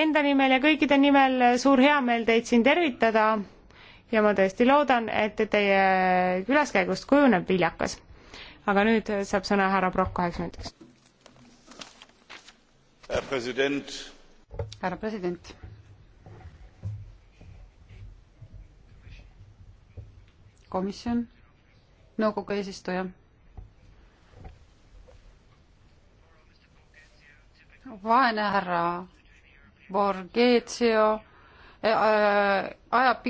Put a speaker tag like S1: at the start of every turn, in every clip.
S1: enda nimel ja kõikide nimel suur heameel teid siin tervitada ja ma tõesti loodan, et teie külaskäigust kujuneb viljakas. aga nüüd saab sõna härra Prokk kaheks minutiks.
S2: härra president.
S3: härra president. komisjon, nõukogu eesistuja vaene härra Borghezio eh, eh, ajab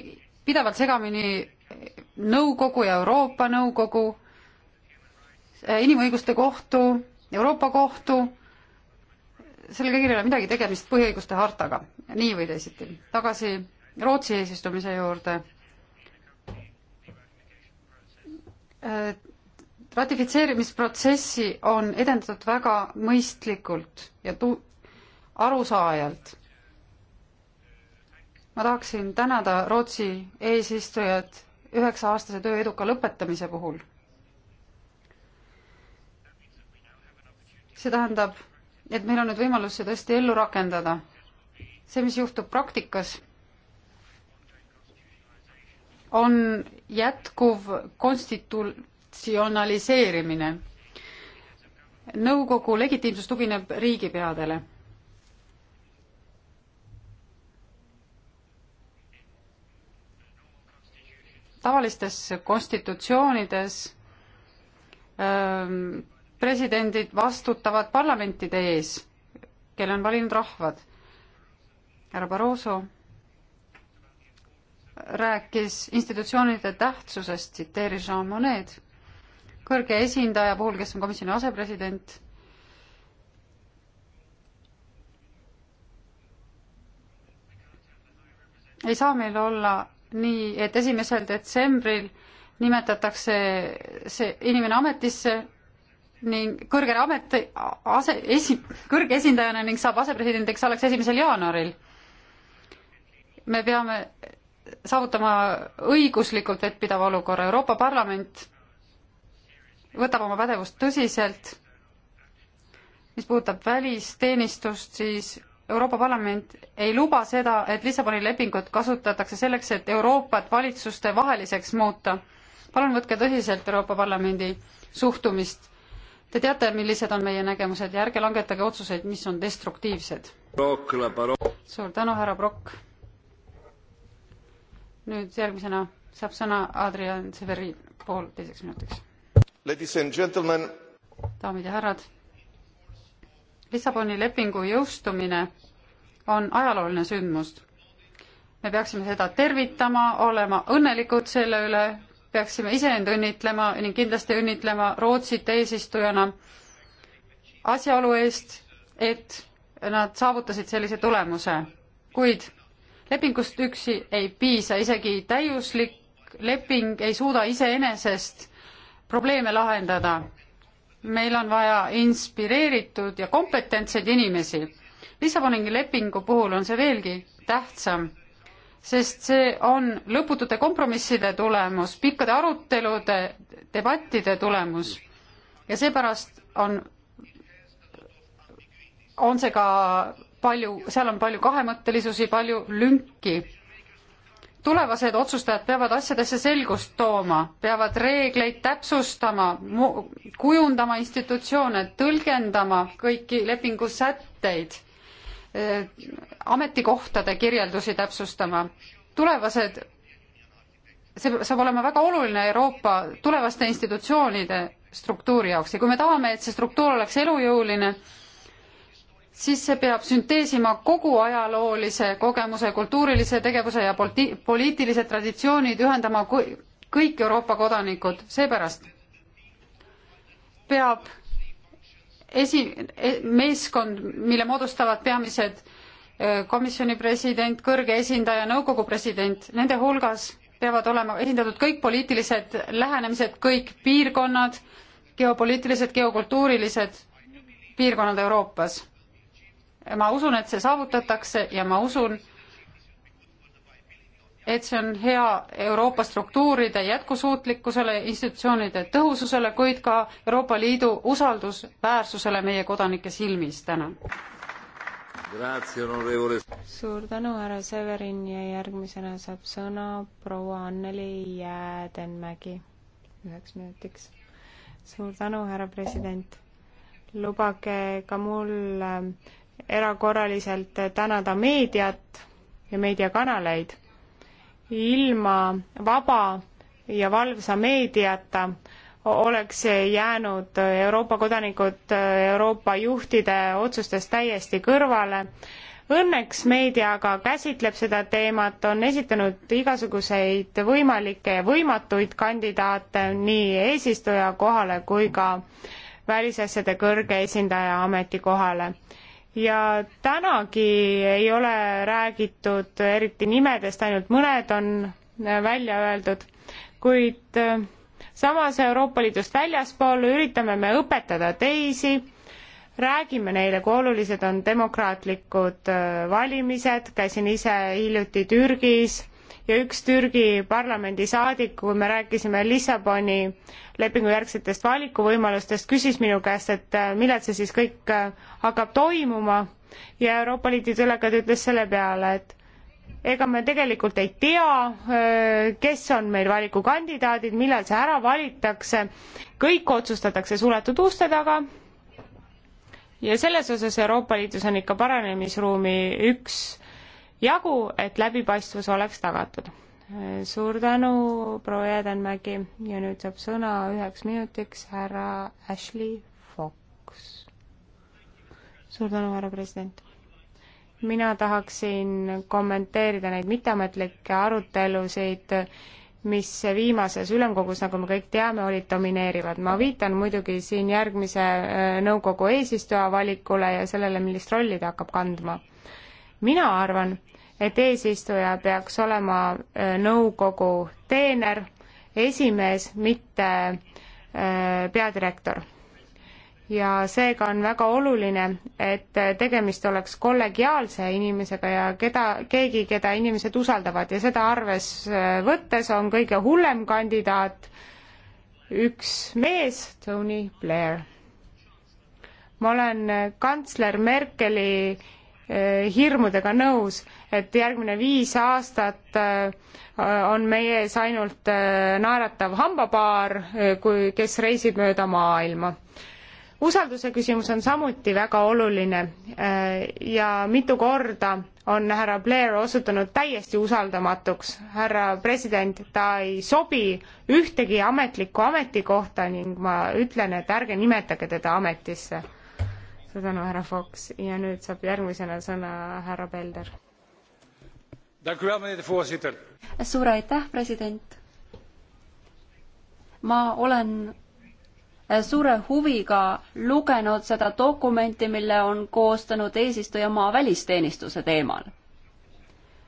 S3: pidevalt segamini Nõukogu ja Euroopa Nõukogu, eh, Inimõiguste Kohtu, Euroopa Kohtu, sellel kõigil ei ole midagi tegemist põhiõiguste hartaga, nii või teisiti. tagasi Rootsi eesistumise juurde. ratifitseerimisprotsessi on edendatud väga mõistlikult ja tu-, arusaajalt ma tahaksin tänada Rootsi eesistujat üheksa-aastase töö eduka lõpetamise puhul. see tähendab, et meil on nüüd võimalus see tõesti ellu rakendada. see, mis juhtub praktikas, on jätkuv konstitutsionaliseerimine. nõukogu legitiimsus tugineb riigipeadele tavalistes konstitutsioonides öö, ähm, presidendid vastutavad parlamentide ees, kelle on valinud rahvad. härra Barroso rääkis institutsioonide tähtsusest, tsiteeris Jean Monnet, kõrge esindaja puhul, kes on komisjoni asepresident, ei saa meil olla nii, et esimesel detsembril nimetatakse see inimene ametisse ning kõrgele ameti, ase, esi-, kõrge esindajana ning saab asepresidendiks alles esimesel jaanuaril. me peame saavutama õiguslikult vettpidava olukorra, Euroopa Parlament võtab oma pädevust tõsiselt, mis puudutab välisteenistust, siis Euroopa Parlament ei luba seda, et Lissaboni lepingut kasutatakse selleks, et Euroopat valitsuste vaheliseks muuta. palun võtke tõsiselt Euroopa Parlamendi suhtumist. Te teate, millised on meie nägemused ja ärge langetage otsuseid, mis on destruktiivsed. suur tänu, härra Brock. nüüd järgmisena saab sõna Adrian Severi poolteiseks minutiks. daamid ja härrad Lissaboni lepingu jõustumine on ajalooline sündmus. me peaksime seda tervitama, olema õnnelikud selle üle, peaksime iseend õnnitlema ning kindlasti õnnitlema Rootsit eesistujana asjaolu eest, et nad saavutasid sellise tulemuse. kuid lepingust üksi ei piisa, isegi täiuslik leping ei suuda iseenesest probleeme lahendada meil on vaja inspireeritud ja kompetentseid inimesi. Lissaboni lepingu puhul on see veelgi tähtsam, sest see on lõputute kompromisside tulemus, pikkade arutelude, debattide tulemus ja seepärast on, on see ka palju, seal on palju kahemõttelisusi, palju lünki tulevased otsustajad peavad asjadesse selgust tooma, peavad reegleid täpsustama, kujundama institutsioone, tõlgendama kõiki lepingu sätteid, e, ametikohtade kirjeldusi täpsustama. tulevased, see saab olema väga oluline Euroopa tulevaste institutsioonide struktuuri jaoks ja kui me tahame, et see struktuur oleks elujõuline, siis see peab sünteesima kogu ajaloolise kogemuse, kultuurilise tegevuse ja politi-, poliitilised traditsioonid, ühendama kõik Euroopa kodanikud, seepärast peab esi-, e-, meeskond, mille moodustavad peamised e, komisjoni president, kõrge esindaja, nõukogu president, nende hulgas peavad olema esindatud kõik poliitilised lähenemised, kõik piirkonnad, geopoliitilised, geokultuurilised piirkonnad Euroopas ma usun, et see saavutatakse ja ma usun, et see on hea Euroopa struktuuride jätkusuutlikkusele, institutsioonide tõhususele, kuid ka Euroopa Liidu usaldusväärsusele meie kodanike silmis. tänan. suur tänu, härra Severin ja järgmisena saab sõna
S1: proua Anneli Jäädenmägi üheks minutiks. suur tänu, härra president. lubage ka mul erakorraliselt tänada meediat ja meediakanaleid. ilma vaba ja valvsa meediata oleks jäänud Euroopa kodanikud Euroopa juhtide otsustest täiesti kõrvale. Õnneks meedia aga käsitleb seda teemat, on esitanud igasuguseid võimalikke ja võimatuid kandidaate nii eesistuja kohale kui ka välisasjade kõrge esindaja ametikohale ja tänagi ei ole räägitud eriti nimedest, ainult mõned on äh, välja öeldud, kuid äh, samas Euroopa Liidust väljaspool üritame me õpetada teisi, räägime neile, kui olulised on demokraatlikud äh, valimised, käisin ise hiljuti Türgis ja üks Türgi parlamendisaadik, kui me rääkisime Lissaboni lepingu järgsetest valikuvõimalustest, küsis minu käest, et äh, millal see siis kõik äh, hakkab toimuma ja Euroopa Liidu delegaat ütles selle peale, et ega me tegelikult ei tea, äh, kes on meil valikukandidaadid, millal see ära valitakse, kõik otsustatakse suletud uste taga ja selles osas Euroopa Liidus on ikka paranemisruumi üks jagu, et läbipaistvus oleks tagatud. suur tänu, proua Jäädenmägi ja nüüd saab sõna üheks minutiks härra Ashley
S4: Fox.
S1: suur tänu, härra president. mina tahaksin kommenteerida neid mitteametlikke arutelusid, mis viimases ülemkogus, nagu me kõik teame, olid domineerivad. ma viitan muidugi siin järgmise äh, nõukogu eesistuja valikule ja sellele, millist rolli ta hakkab kandma mina arvan, et eesistuja peaks olema äh, nõukogu teener, esimees, mitte äh, peadirektor. ja seega on väga oluline, et äh, tegemist oleks kollegiaalse inimesega ja keda, keegi, keda inimesed usaldavad ja seda arves võttes on kõige hullem kandidaat üks mees, Tony Blair. ma olen kantsler Merkeli Eh, hirmudega nõus, et järgmine viis aastat eh, on meie ees ainult eh, naeratav hambapaar, kui, kes reisib mööda maailma. usalduse küsimus on samuti väga oluline ja mitu korda on härra Blair osutunud täiesti usaldamatuks. härra president, ta ei sobi ühtegi ametlikku ametikohta ning ma ütlen, et ärge nimetage teda ametisse suur tänu, härra Fox ja nüüd saab järgmisena sõna härra Pelder. suur aitäh,
S2: president. ma olen äh, suure huviga lugenud seda dokumenti, mille on koostanud eesistujamaa välisteenistuse teemal.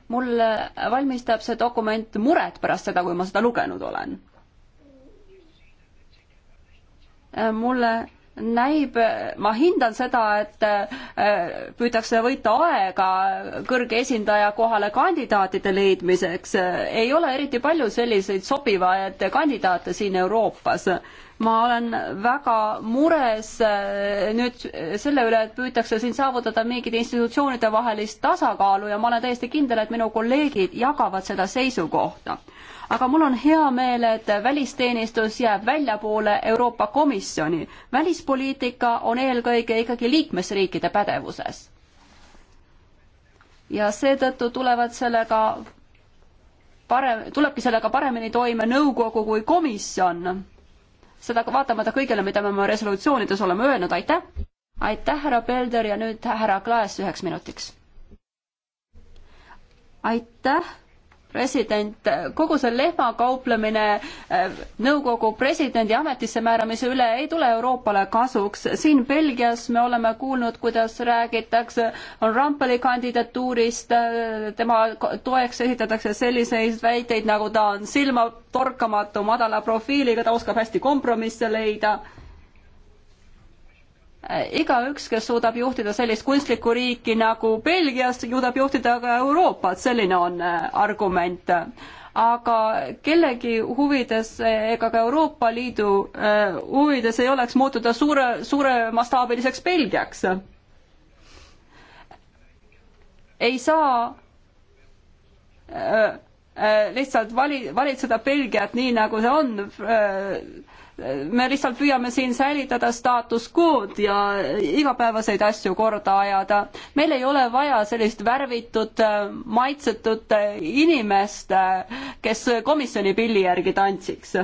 S2: mul äh, valmistab see dokument muret pärast seda, kui ma seda lugenud olen. Äh, mulle näib, ma hindan seda, et äh, püütakse võita aega kõrge esindaja kohale kandidaatide leidmiseks. ei ole eriti palju selliseid sobivaid kandidaate siin Euroopas. ma olen väga mures äh, nüüd selle üle, et püütakse siin saavutada mingit institutsioonide vahelist tasakaalu ja ma olen täiesti kindel, et minu kolleegid jagavad seda seisukohta aga mul on hea meel, et välisteenistus jääb väljapoole Euroopa Komisjoni. välispoliitika on eelkõige ikkagi liikmesriikide pädevuses. ja seetõttu tulevad sellega parem, tulebki sellega paremini toime nõukogu kui komisjon. seda vaatamata kõigele, mida me oma resolutsioonides oleme öelnud, aitäh! aitäh, härra Pelder ja nüüd härra Klaas üheks minutiks. aitäh! president, kogu see lehmakauplemine äh, nõukogu presidendi ametisse määramise üle ei tule Euroopale kasuks. siin Belgias me oleme kuulnud, kuidas räägitakse Rampeli kandidatuurist, äh, tema toeks esitatakse selliseid väiteid, nagu ta on silmatorkamatu, madala profiiliga, ta oskab hästi kompromisse leida Äh, igaüks, kes suudab juhtida sellist kunstlikku riiki nagu Belgiast, suudab juhtida ka Euroopat, selline on äh, argument. aga kellegi huvides äh, ega ka Euroopa Liidu huvides ei oleks muutuda suure, suuremastaabiliseks Belgiaks. ei saa lihtsalt vali, valitseda Belgiat nii, nagu see on me lihtsalt püüame siin säilitada staatus quo'd ja igapäevaseid asju korda ajada. meil ei ole vaja sellist värvitud, äh, maitsetud äh, inimest, äh, kes komisjoni pilli järgi tantsiks.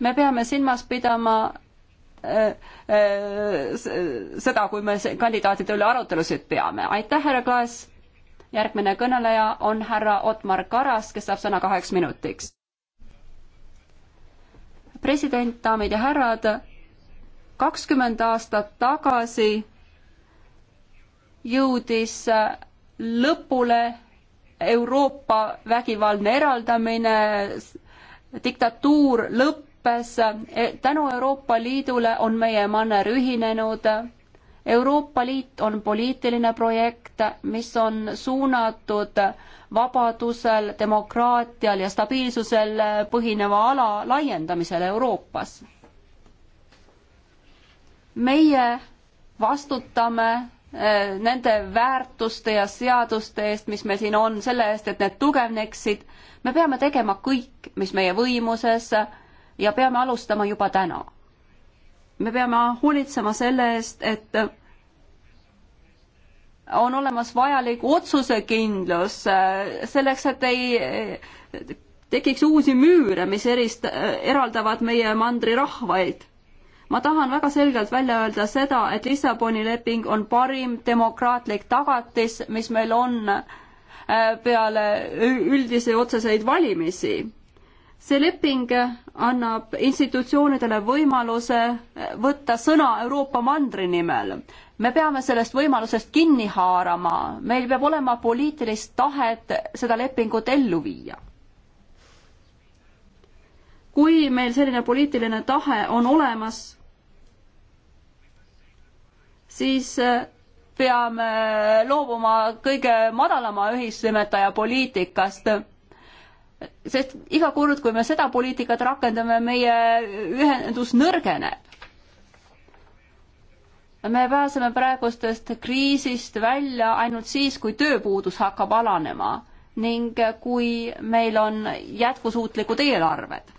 S2: me peame silmas pidama seda, kui me kandidaatide üle arutelusid peame. aitäh, härra Klaas! järgmine kõneleja on härra Otmar Karas, kes saab sõna kaheks minutiks president, daamid ja härrad, kakskümmend aastat tagasi jõudis lõpule Euroopa vägivaldne eraldamine, diktatuur lõppes, tänu Euroopa Liidule on meie manner ühinenud Euroopa Liit on poliitiline projekt, mis on suunatud vabadusel, demokraatial ja stabiilsusel põhineva ala laiendamisele Euroopas. meie vastutame eh, nende väärtuste ja seaduste eest, mis meil siin on, selle eest, et need tugevneksid, me peame tegema kõik, mis meie võimuses ja peame alustama juba täna. me peame hoolitsema selle eest, et on olemas vajalik otsusekindlus äh, selleks, et ei äh, tekiks uusi müüre, mis erist-, äh, eraldavad meie mandrirahvaid. ma tahan väga selgelt välja öelda seda, et Lissaboni leping on parim demokraatlik tagatis, mis meil on peale üldisi otseseid valimisi. see leping annab institutsioonidele võimaluse võtta sõna Euroopa mandri nimel me peame sellest võimalusest kinni haarama, meil peab olema poliitilist tahet seda lepingut ellu viia. kui meil selline poliitiline tahe on olemas, siis äh, peame loobuma kõige madalama ühisnimetaja poliitikast sest iga kord, kui me seda poliitikat rakendame, meie ühendus nõrgeneb me pääseme praegustest kriisist välja ainult siis, kui tööpuudus hakkab alanema ning kui meil on jätkusuutlikud eelarved.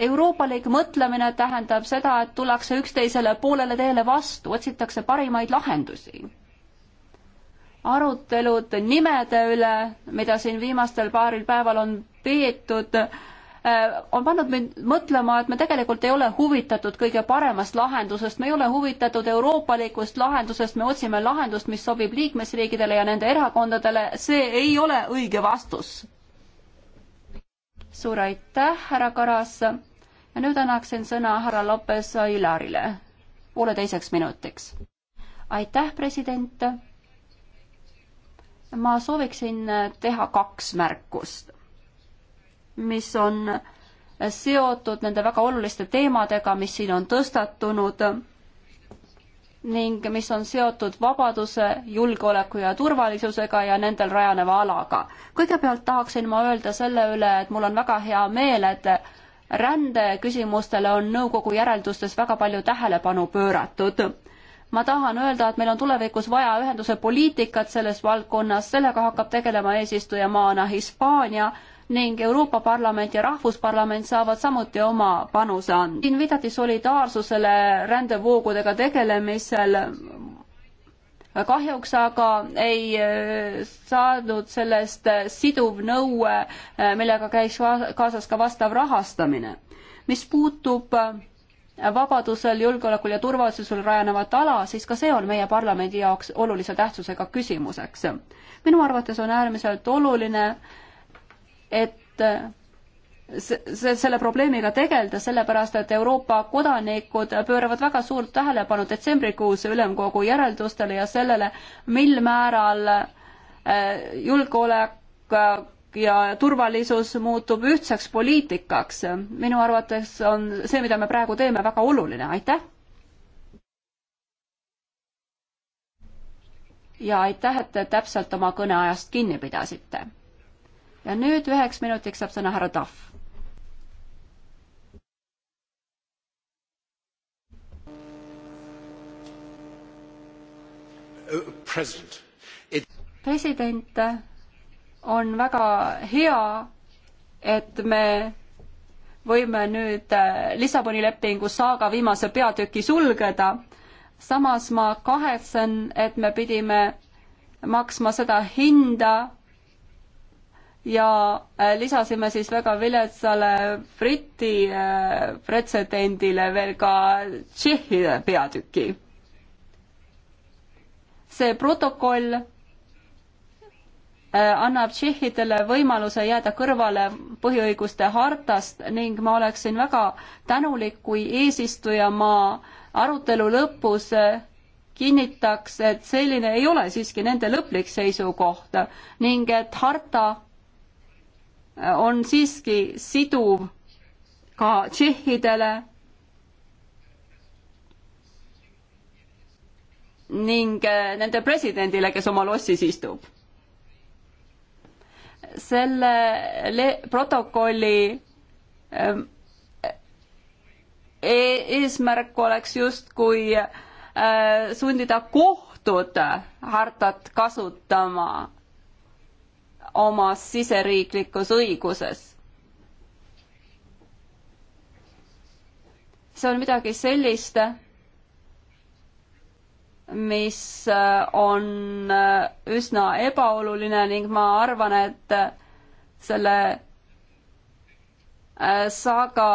S2: euroopalik mõtlemine tähendab seda, et tullakse üksteisele poolele teele vastu, otsitakse parimaid lahendusi. arutelud nimede üle, mida siin viimastel paaril päeval on peetud, Äh, on pannud mind mõtlema, et me tegelikult ei ole huvitatud kõige paremast lahendusest, me ei ole huvitatud euroopalikust lahendusest, me otsime lahendust, mis sobib liikmesriikidele ja nende erakondadele, see ei ole õige vastus. suur aitäh, härra Karas. ja nüüd annaksin sõna härra Lopes Ailarile pooleteiseks minutiks. aitäh, president. ma sooviksin teha kaks märkust mis on seotud nende väga oluliste teemadega, mis siin on tõstatunud ning mis on seotud vabaduse, julgeoleku ja turvalisusega ja nendel rajaneva alaga. kõigepealt tahaksin ma öelda selle üle, et mul on väga hea meel, et rändeküsimustele on nõukogu järeldustes väga palju tähelepanu pööratud. ma tahan öelda, et meil on tulevikus vaja ühenduse poliitikat selles valdkonnas, sellega hakkab tegelema eesistujamaana Hispaania ning Euroopa Parlament ja Rahvusparlament saavad samuti oma panuse anda. siin viidati solidaarsusele rändevoogudega tegelemisel, kahjuks aga ei eh, saadud sellest eh, siduv nõue, eh, millega käiks kaasas ka vastav rahastamine. mis puutub vabadusel, julgeolekul ja turvalisusel rajanevat ala, siis ka see on meie parlamendi jaoks olulise tähtsusega küsimuseks. minu arvates on äärmiselt oluline, et äh, see, selle probleemiga tegeleda, sellepärast et Euroopa kodanikud pööravad väga suurt tähelepanu detsembrikuus ülemkogu järeldustele ja sellele, mil määral äh, julgeolek äh, ja turvalisus muutub ühtseks poliitikaks. minu arvates on see, mida me praegu teeme, väga oluline, aitäh! ja aitäh, et te täpselt oma kõneajast kinni pidasite ja nüüd üheks minutiks saab sõna härra Tahv.
S5: president It...
S2: president on väga hea, et me võime nüüd äh, Lissaboni lepingu saaga viimase peatüki sulgeda. samas ma kahetsen, et me pidime maksma seda hinda, ja äh, lisasime siis väga viletsale Briti äh, pretsedendile veel ka Tšehhide peatüki. see protokoll äh, annab tšehhidele võimaluse jääda kõrvale põhiõiguste hartast ning ma oleksin väga tänulik, kui eesistujamaa arutelu lõpus kinnitaks, et selline ei ole siiski nende lõplik seisukoht ning et harta on siiski siduv ka tšehhidele ning eh, nende presidendile, kes oma lossis istub. selle protokolli ehm, e-, eesmärk oleks justkui eh, sundida kohtud hartat kasutama oma siseriiklikus õiguses. see on midagi sellist, mis äh, on äh, üsna ebaoluline ning ma arvan, et äh, selle saaga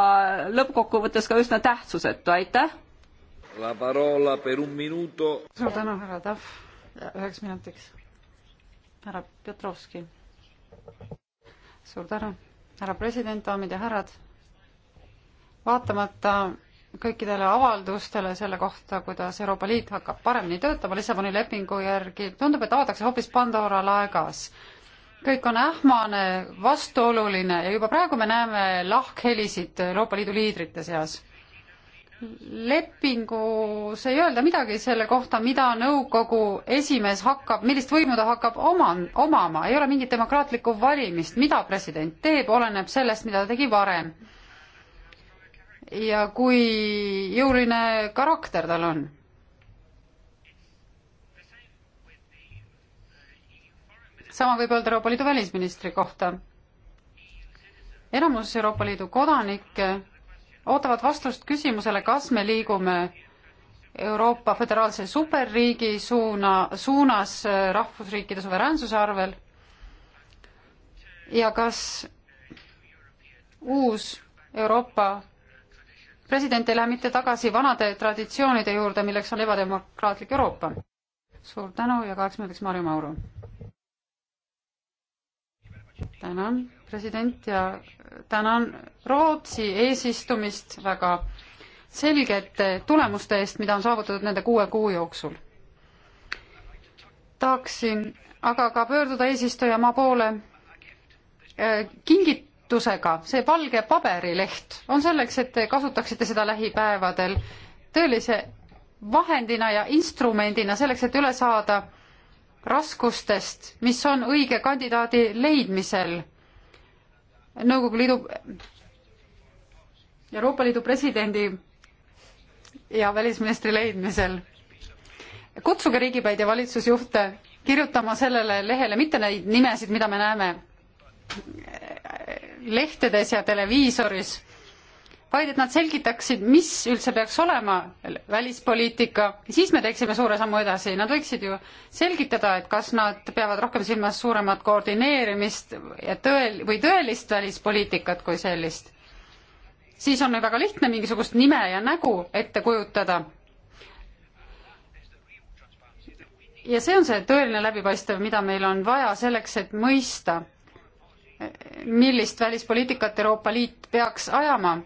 S2: lõppkokkuvõttes ka üsna tähtsusetu, aitäh.
S6: suur
S3: tänu, härra Tahv, üheks minutiks. härra Petrovski suur tänu, härra president, daamid ja härrad. vaatamata kõikidele avaldustele selle kohta, kuidas Euroopa Liit hakkab paremini töötama Lissaboni lepingu järgi, tundub, et avatakse hoopis Pandora laegas. kõik on ähmane, vastuoluline ja juba praegu me näeme lahkhelisid Euroopa Liidu liidrite seas lepingus ei öelda midagi selle kohta, mida nõukogu esimees hakkab, millist võimu ta hakkab oma, omama, ei ole mingit demokraatlikku valimist, mida president teeb, oleneb sellest, mida ta tegi varem. ja kui jõuline karakter tal on. sama võib öelda Euroopa Liidu välisministri kohta. enamus Euroopa Liidu kodanikke ootavad vastust küsimusele, kas me liigume Euroopa föderaalse superriigi suuna, suunas äh, rahvusriikide suveräänsuse arvel ja kas uus Euroopa president ei lähe mitte tagasi vanade traditsioonide juurde, milleks on ebademokraatlik Euroopa. suur tänu ja kaheks minutiks Marju Mauru. tänan president ja tänan Rootsi eesistumist väga selgete tulemuste eest, mida on saavutatud nende kuue kuu jooksul. tahaksin aga ka pöörduda eesistujamaa poole eh, kingitusega, see valge paberileht on selleks, et te kasutaksite seda lähipäevadel tõelise vahendina ja instrumendina selleks, et üle saada raskustest, mis on õige kandidaadi leidmisel Nõukogu Liidu, Euroopa Liidu presidendi ja välisministri leidmisel. kutsuge riigipäid ja valitsusjuhte kirjutama sellele lehele, mitte neid nimesid, mida me näeme lehtedes ja televiisoris vaid et nad selgitaksid, mis üldse peaks olema välispoliitika, siis me teeksime suure sammu edasi, nad võiksid ju selgitada, et kas nad peavad rohkem silmas suuremat koordineerimist ja tõel- või tõelist välispoliitikat kui sellist. siis on ju väga lihtne mingisugust nime ja nägu ette kujutada. ja see on see tõeline läbipaistev, mida meil on vaja selleks, et mõista millist välispoliitikat Euroopa Liit peaks ajama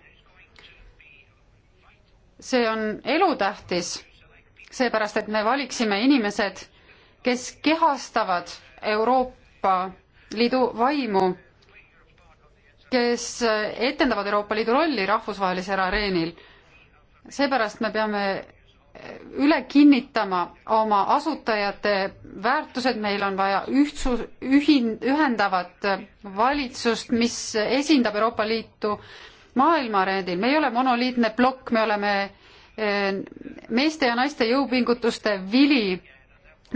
S3: see on elutähtis, seepärast et me valiksime inimesed, kes kehastavad Euroopa Liidu vaimu, kes etendavad Euroopa Liidu rolli rahvusvahelisel areenil. seepärast me peame üle kinnitama oma asutajate väärtused, meil on vaja ühtsus, ühin-, ühendavat valitsust, mis esindab Euroopa Liitu maailma arendil, me ei ole monoliitne plokk, me oleme eh, meeste ja naiste jõupingutuste vili.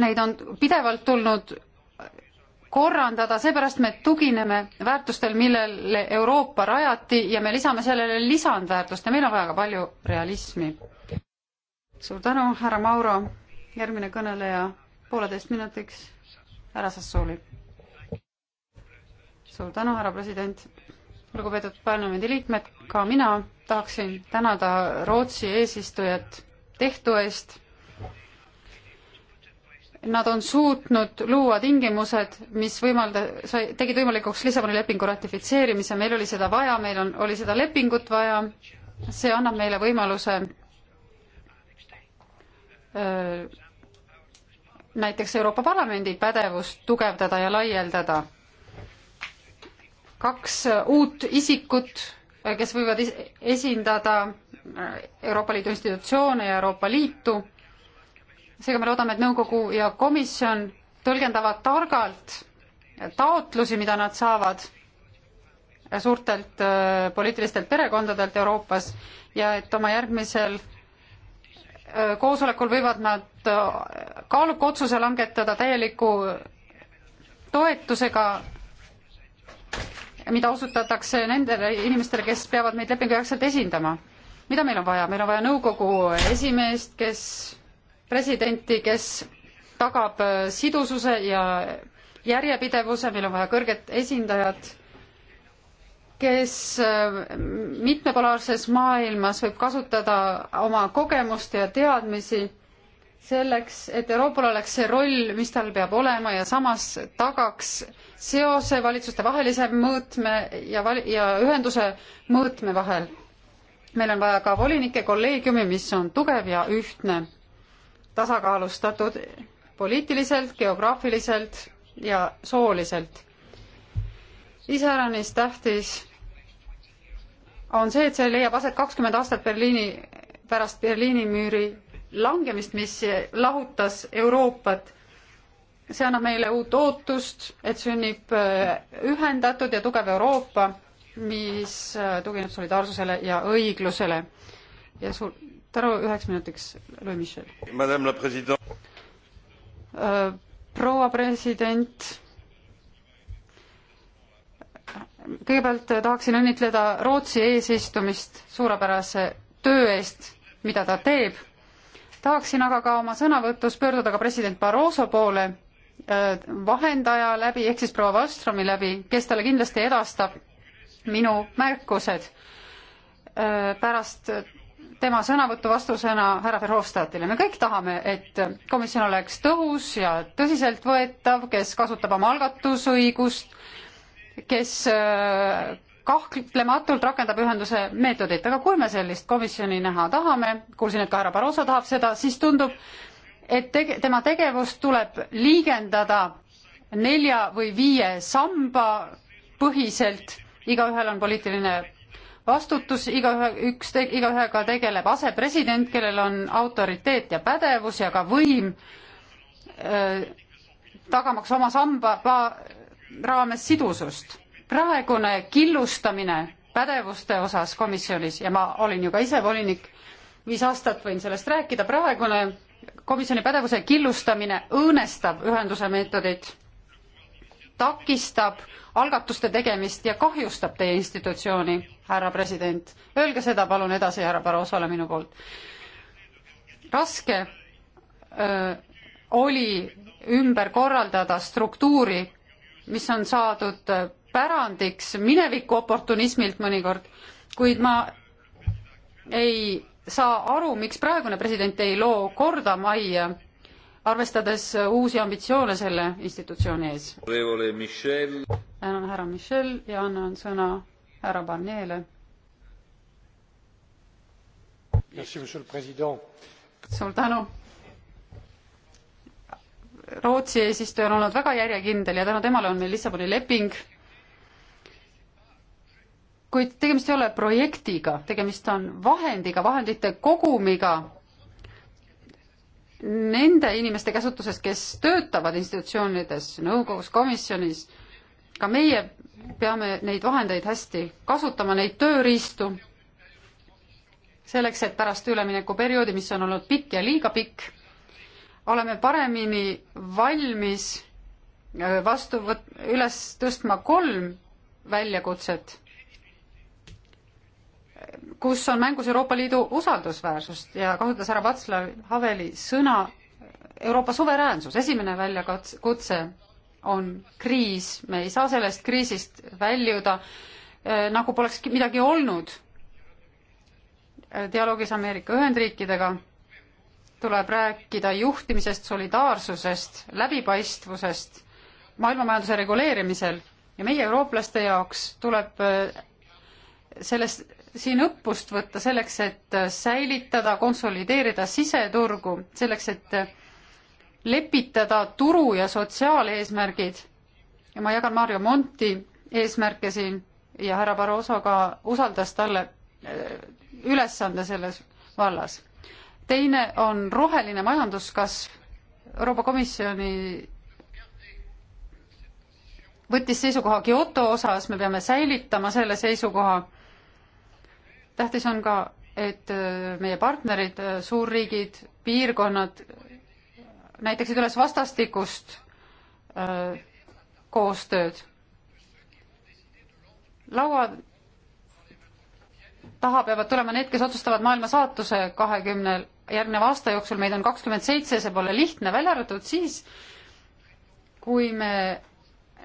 S3: Neid on pidevalt tulnud korrandada, seepärast me tugineme väärtustel, millele Euroopa rajati ja me lisame sellele lisandväärtust ja meil on vaja ka palju realismi. suur tänu, härra Mauro, järgmine kõneleja pooleteist minutiks, härra Sassooli. suur tänu, härra president lugupeetud parlamendiliikmed, ka mina tahaksin tänada Rootsi eesistujat tehtu eest. Nad on suutnud luua tingimused, mis võimalda-, sai, tegid võimalikuks Lissaboni lepingu ratifitseerimise, meil oli seda vaja, meil on, oli seda lepingut vaja, see annab meile võimaluse öö, näiteks Euroopa Parlamendi pädevust tugevdada ja laiendada kaks äh, uut isikut, äh, kes võivad esindada äh, Euroopa Liidu institutsioone ja Euroopa Liitu. seega me loodame, et nõukogu ja komisjon tõlgendavad targalt taotlusi, mida nad saavad suurtelt poliitilistelt perekondadelt Euroopas ja et oma järgmisel koosolekul võivad nad kaaluka otsuse langetada täieliku toetusega mida osutatakse nendele inimestele, kes peavad meid lepingujärgselt esindama. mida meil on vaja, meil on vaja nõukogu esimeest, kes, presidenti, kes tagab äh, sidususe ja järjepidevuse, meil on vaja kõrget esindajat, kes äh, mitmepolaarses maailmas võib kasutada oma kogemust ja teadmisi selleks, et Euroopal oleks see roll, mis tal peab olema ja samas tagaks seose valitsuste vahelise mõõtme ja val-, ja ühenduse mõõtme vahel. meil on vaja ka volinike kolleegiumi, mis on tugev ja ühtne, tasakaalustatud poliitiliselt, geograafiliselt ja sooliselt. iseäranis tähtis on see, et see leiab aset kakskümmend aastat Berliini, pärast Berliini müüri langemist, mis lahutas Euroopat. see annab meile uut ootust, et sünnib äh, ühendatud ja tugev Euroopa, mis äh, tugineb solidaarsusele ja õiglusele. ja suur tänu üheks minutiks, Louis Michel. Äh, proua president kõigepealt tahaksin õnnitleda Rootsi eesistumist suurepärase töö eest, mida ta teeb tahaksin aga ka oma sõnavõtus pöörduda ka president Barroso poole äh, vahendaja läbi ehk siis proua Valstromi läbi, kes talle kindlasti edastab minu märkused äh, pärast tema sõnavõttu vastusena härra Verhofstadtile. me kõik tahame, et komisjon oleks tõhus ja tõsiseltvõetav, kes kasutab oma algatusõigust, kes äh, kahtlematult rakendab ühenduse meetodit, aga kui me sellist komisjoni näha tahame, kuulsin, et ka härra Barroso tahab seda, siis tundub, et tege-, tema tegevust tuleb liigendada nelja või viie samba põhiselt, igaühel on poliitiline vastutus, igaühe, üks, igaühega tegeleb asepresident, kellel on autoriteet ja pädevus ja ka võim öö, äh, tagamaks oma samba raames sidusust praegune killustamine pädevuste osas komisjonis ja ma olin ju ka ise volinik, viis aastat võin sellest rääkida, praegune komisjoni pädevuse killustamine õõnestab ühenduse meetodit, takistab algatuste tegemist ja kahjustab teie institutsiooni, härra president. Öelge seda palun edasi härra Barrosole minu poolt. raske öö, oli ümber korraldada struktuuri, mis on saadud pärandiks mineviku oportunismilt mõnikord, kuid ma ei saa aru, miks praegune president ei loo korda majja, arvestades uusi ambitsioone selle institutsiooni ees. tänan härra Michel ja annan sõna härra Barnier'le. suur tänu. Rootsi eesistuja on olnud väga järjekindel ja tänu temale on meil Lissaboni leping kuid tegemist ei ole projektiga, tegemist on vahendiga, vahendite kogumiga nende inimeste käsutuses, kes töötavad institutsioonides, nõukogus, komisjonis. ka meie peame neid vahendeid hästi kasutama, neid tööriistu, selleks, et pärast üleminekuperioodi, mis on olnud pikk ja liiga pikk, oleme paremini valmis äh, vastu võt-, üles tõstma kolm väljakutset kus on mängus Euroopa Liidu usaldusväärsust ja kasutades härra Václav Haveli sõna Euroopa suveräänsus, esimene väljakutse on kriis, me ei saa sellest kriisist väljuda eh, nagu polekski midagi olnud. dialoogis Ameerika Ühendriikidega tuleb rääkida juhtimisest, solidaarsusest, läbipaistvusest maailmamajanduse reguleerimisel ja meie eurooplaste jaoks tuleb eh, sellest siin õppust võtta selleks, et säilitada, konsolideerida siseturgu, selleks, et lepitada turu ja sotsiaaleesmärgid ja ma jagan Mario Monti eesmärke siin ja härra Barroso ka usaldas talle äh, ülesande selles vallas. teine on roheline majanduskasv. Euroopa Komisjoni võttis seisukoha Kyoto osas, me peame säilitama selle seisukoha tähtis on ka, et äh, meie partnerid, äh, suurriigid, piirkonnad näitaksid üles vastastikust äh, koostööd. laua taha peavad tulema need, kes otsustavad maailma saatuse kahekümnel järgneva aasta jooksul, meid on kakskümmend seitse, see pole lihtne, välja arvatud siis, kui me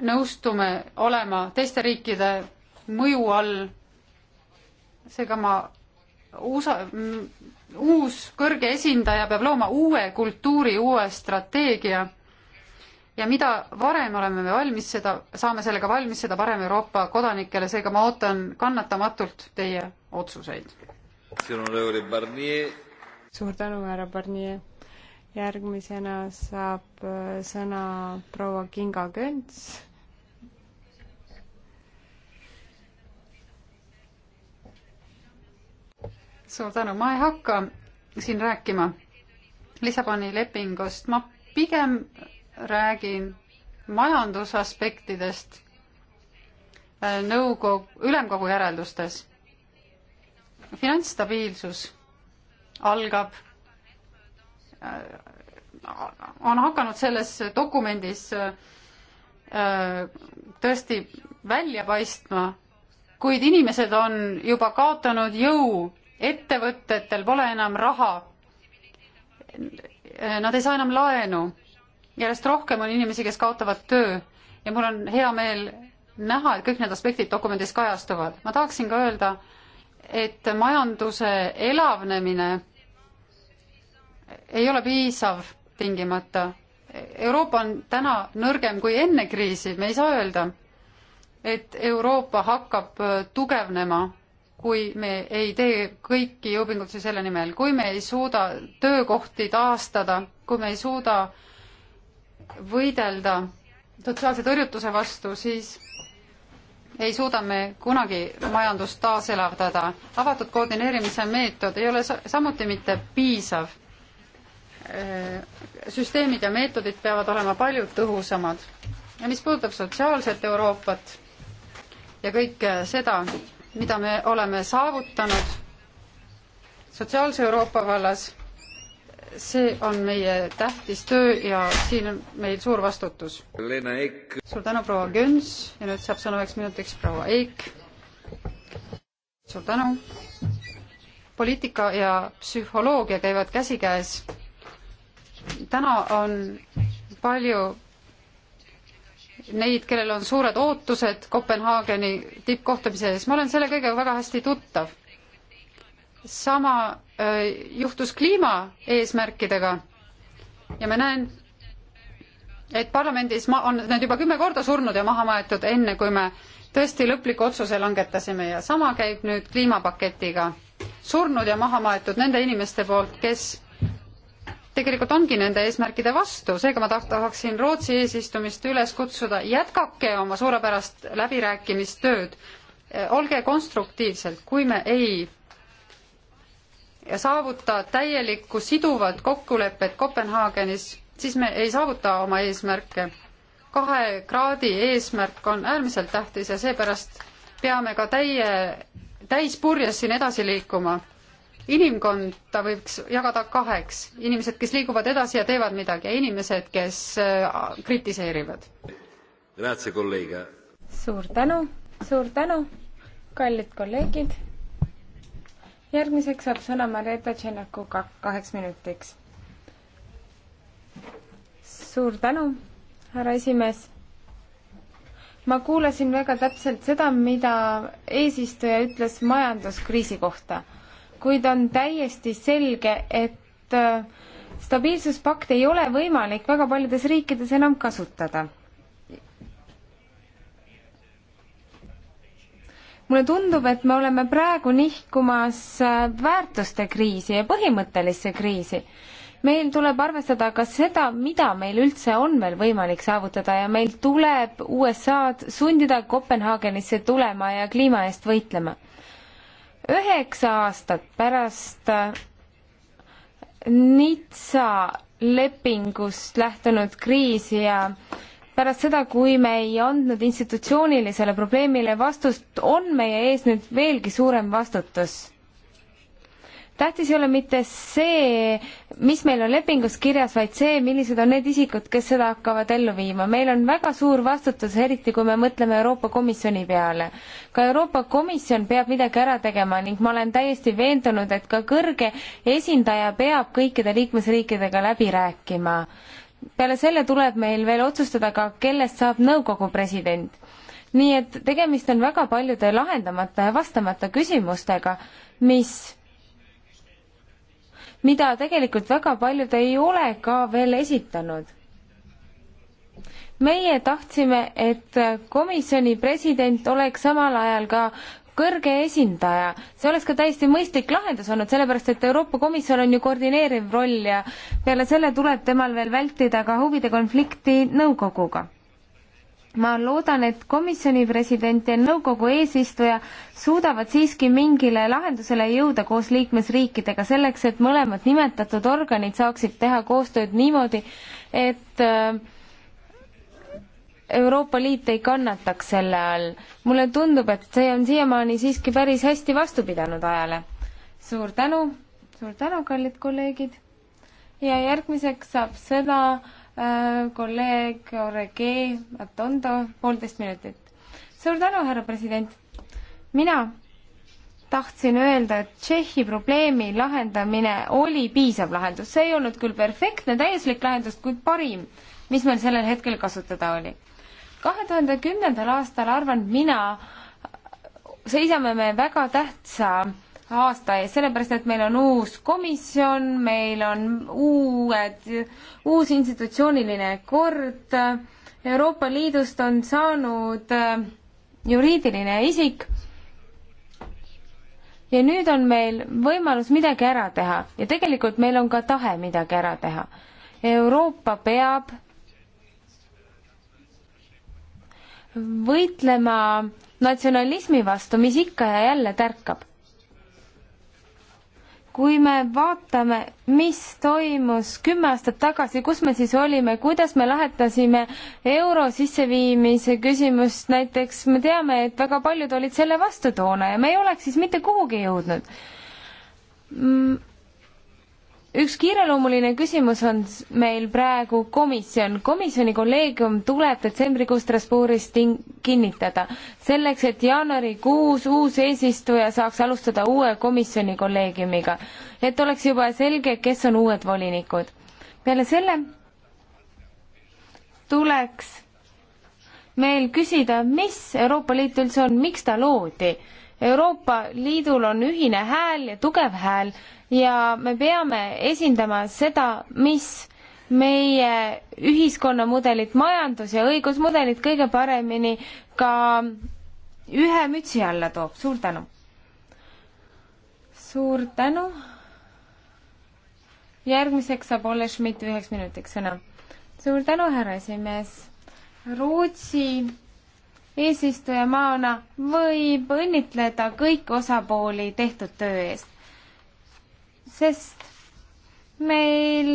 S3: nõustume olema teiste riikide mõju all seega ma USA, uus kõrge esindaja peab looma uue kultuuri, uue strateegia ja mida varem oleme me valmis seda, saame sellega valmis, seda parem Euroopa kodanikele, seega ma ootan kannatamatult teie otsuseid. suur tänu, härra Barnier.
S1: järgmisena saab äh, sõna proua Kinga Könts
S3: suur tänu, ma ei hakka siin rääkima Lissaboni lepingust, ma pigem räägin majandusaspektidest äh, nõukogu, ülemkogu järeldustes. finantsstabiilsus algab, äh, on hakanud selles dokumendis äh, tõesti välja paistma, kuid inimesed on juba kaotanud jõu ettevõtetel pole enam raha. Nad ei saa enam laenu. järjest rohkem on inimesi, kes kaotavad töö ja mul on hea meel näha, et kõik need aspektid dokumendis kajastuvad. ma tahaksin ka öelda, et majanduse elavnemine ei ole piisav tingimata. Euroopa on täna nõrgem kui enne kriisi, me ei saa öelda, et Euroopa hakkab tugevnema kui me ei tee kõiki jõupingutusi selle nimel, kui me ei suuda töökohti taastada, kui me ei suuda võidelda sotsiaalse tõrjutuse vastu, siis ei suuda me kunagi majandust taaselavdada. avatud koordineerimise meetod ei ole samuti mitte piisav. Äh, süsteemid ja meetodid peavad olema palju tõhusamad. ja mis puudutab sotsiaalset Euroopat ja kõike seda, mida me oleme saavutanud sotsiaalse Euroopa vallas, see on meie tähtis töö ja siin on meil suur vastutus. suur tänu, proua Göns ja nüüd saab sõna üheks minutiks proua Eik. suur tänu. poliitika ja psühholoogia käivad käsikäes. täna on palju neid, kellel on suured ootused Kopenhaageni tippkohtumise ees, ma olen selle kõigega väga hästi tuttav. sama äh, juhtus kliimaeesmärkidega ja ma näen, et parlamendis ma, on need juba kümme korda surnud ja maha maetud, enne kui me tõesti lõpliku otsuse langetasime ja sama käib nüüd kliimapaketiga. surnud ja maha maetud nende inimeste poolt, kes tegelikult ongi nende eesmärkide vastu, seega ma tahaksin Rootsi eesistumist üles kutsuda, jätkake oma suurepärast läbirääkimistööd, eh, olge konstruktiivsed, kui me ei saavuta täielikku siduvat kokkulepet Kopenhaagenis, siis me ei saavuta oma eesmärke. kahe kraadi eesmärk on äärmiselt tähtis ja seepärast peame ka täie, täispurjes siin edasi liikuma inimkonda võiks jagada kaheks, inimesed, kes liiguvad edasi ja teevad midagi ja inimesed, kes äh, kritiseerivad. suur tänu, suur tänu, kallid kolleegid.
S6: järgmiseks saab sõna Marietta Tšennaku ka kaheks minutiks. suur tänu, härra esimees ma kuulasin väga täpselt seda, mida eesistuja ütles majanduskriisi kohta kuid on täiesti selge, et äh, stabiilsuspakt ei ole võimalik väga paljudes riikides enam kasutada. mulle tundub, et me oleme praegu nihkumas äh, väärtuste kriisi ja põhimõttelisse kriisi meil tuleb arvestada ka seda, mida meil üldse on veel võimalik saavutada ja meil tuleb USA-d sundida Kopenhaagenisse tulema ja kliima eest võitlema üheksa aastat pärast Nitsa lepingust lähtunud kriisi ja pärast seda, kui me ei andnud institutsioonilisele probleemile vastust, on meie ees nüüd veelgi suurem vastutus tähtis ei ole mitte see, mis meil on lepingus kirjas, vaid see, millised on need isikud, kes seda hakkavad ellu viima. meil on väga suur vastutus, eriti kui me mõtleme Euroopa Komisjoni peale. ka Euroopa Komisjon peab midagi ära tegema ning ma olen täiesti veendunud, et ka kõrge esindaja peab kõikide liikmesriikidega läbi rääkima. peale selle tuleb meil veel otsustada ka, kellest saab nõukogu president nii et tegemist on väga paljude lahendamata ja vastamata küsimustega, mis mida tegelikult väga paljud ei ole ka veel esitanud. meie tahtsime, et komisjoni president oleks samal ajal ka kõrge esindaja, see oleks ka täiesti mõistlik lahendus olnud, sellepärast et Euroopa Komisjon on ju koordineeriv roll ja peale selle tuleb temal veel vältida ka huvide konflikti nõukoguga ma loodan, et komisjoni president ja nõukogu eesistuja suudavad siiski mingile lahendusele jõuda koos liikmesriikidega selleks, et mõlemad nimetatud organid saaksid teha koostööd niimoodi, et äh, Euroopa Liit ei kannataks selle all. mulle tundub, et see on siiamaani siiski päris hästi vastu pidanud ajale. suur tänu, suur tänu, kallid kolleegid. ja järgmiseks saab sõna seda Äh, kolleeg Oregi Atondo, poolteist minutit. suur tänu, härra president. mina tahtsin öelda, et Tšehhi probleemi lahendamine oli piisav lahendus, see ei olnud küll perfektne, täiuslik lahendus, kuid parim, mis meil sellel hetkel kasutada oli. kahe tuhande kümnendal aastal, arvan mina, seisame me väga tähtsa äh, aasta ees, sellepärast et meil on uus komisjon, meil on uued, uus institutsiooniline kord, Euroopa Liidust on saanud äh, juriidiline isik ja nüüd on meil võimalus midagi ära teha ja tegelikult meil on ka tahe midagi ära teha. Euroopa peab võitlema natsionalismi vastu, mis ikka ja jälle tärkab kui me vaatame, mis toimus kümme aastat tagasi, kus me siis olime, kuidas me lahendasime euro sisseviimise küsimust, näiteks me teame, et väga paljud olid selle vastu toona ja me ei oleks siis mitte kuhugi jõudnud. Mm, üks kiireloomuline küsimus on meil praegu komisjon. komisjoni kolleegium tuleb detsembrikuus Strasbourgis kinnitada, selleks et jaanuarikuus uus eesistuja saaks alustada uue komisjoni kolleegiumiga, et oleks juba selge, kes on uued volinikud. peale selle tuleks meil küsida, mis Euroopa Liit üldse on, miks ta loodi Euroopa Liidul on ühine hääl ja tugev hääl ja me peame esindama seda, mis meie ühiskonnamudelit, majandus- ja õigusmudelit kõige paremini ka ühe mütsi alla toob, suur tänu! suur tänu! järgmiseks saab Olle Schmidt üheks minutiks sõna. suur tänu, härra esimees! Rootsi eesistujamaana võib õnnitleda kõiki osapooli tehtud töö eest, sest meil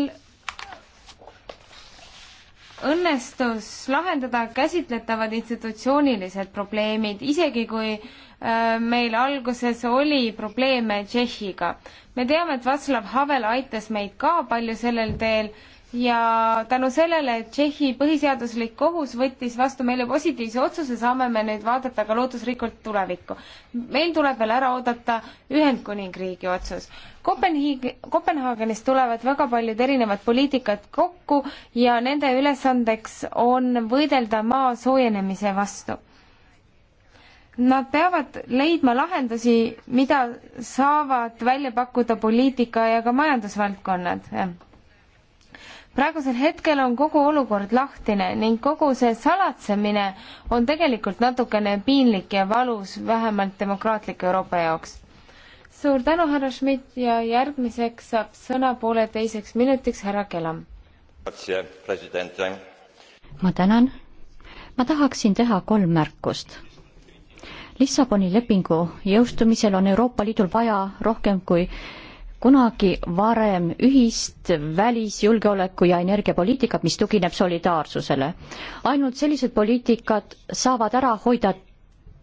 S6: õnnestus lahendada käsitletavad institutsioonilised probleemid, isegi kui äh, meil alguses oli probleeme Tšehhiga. me teame, et Václav Havel aitas meid ka palju sellel teel ja tänu sellele, et Tšehhi põhiseaduslik kohus võttis vastu meile positiivse otsuse, saame me nüüd vaadata ka lootusrikkalt tulevikku. meil tuleb veel ära oodata Ühendkuningriigi otsus. Kopenhiig-, Kopenhaagenis tulevad väga paljud erinevad poliitikad kokku ja nende ülesandeks on võidelda maa soojenemise vastu. Nad peavad leidma lahendusi, mida saavad välja pakkuda poliitika ja ka majandusvaldkonnad praegusel hetkel on kogu olukord lahtine ning kogu see salatsemine on tegelikult natukene piinlik ja valus, vähemalt demokraatliku Euroopa jaoks. suur tänu, härra Schmidt ja järgmiseks saab sõna pooleteiseks minutiks härra Kelam.
S4: ma tänan. ma tahaksin teha kolm märkust Lissaboni lepingu jõustumisel on Euroopa Liidul vaja rohkem kui kunagi varem ühist välis-, julgeoleku- ja energiapoliitikat, mis tugineb solidaarsusele. ainult sellised poliitikad saavad ära hoida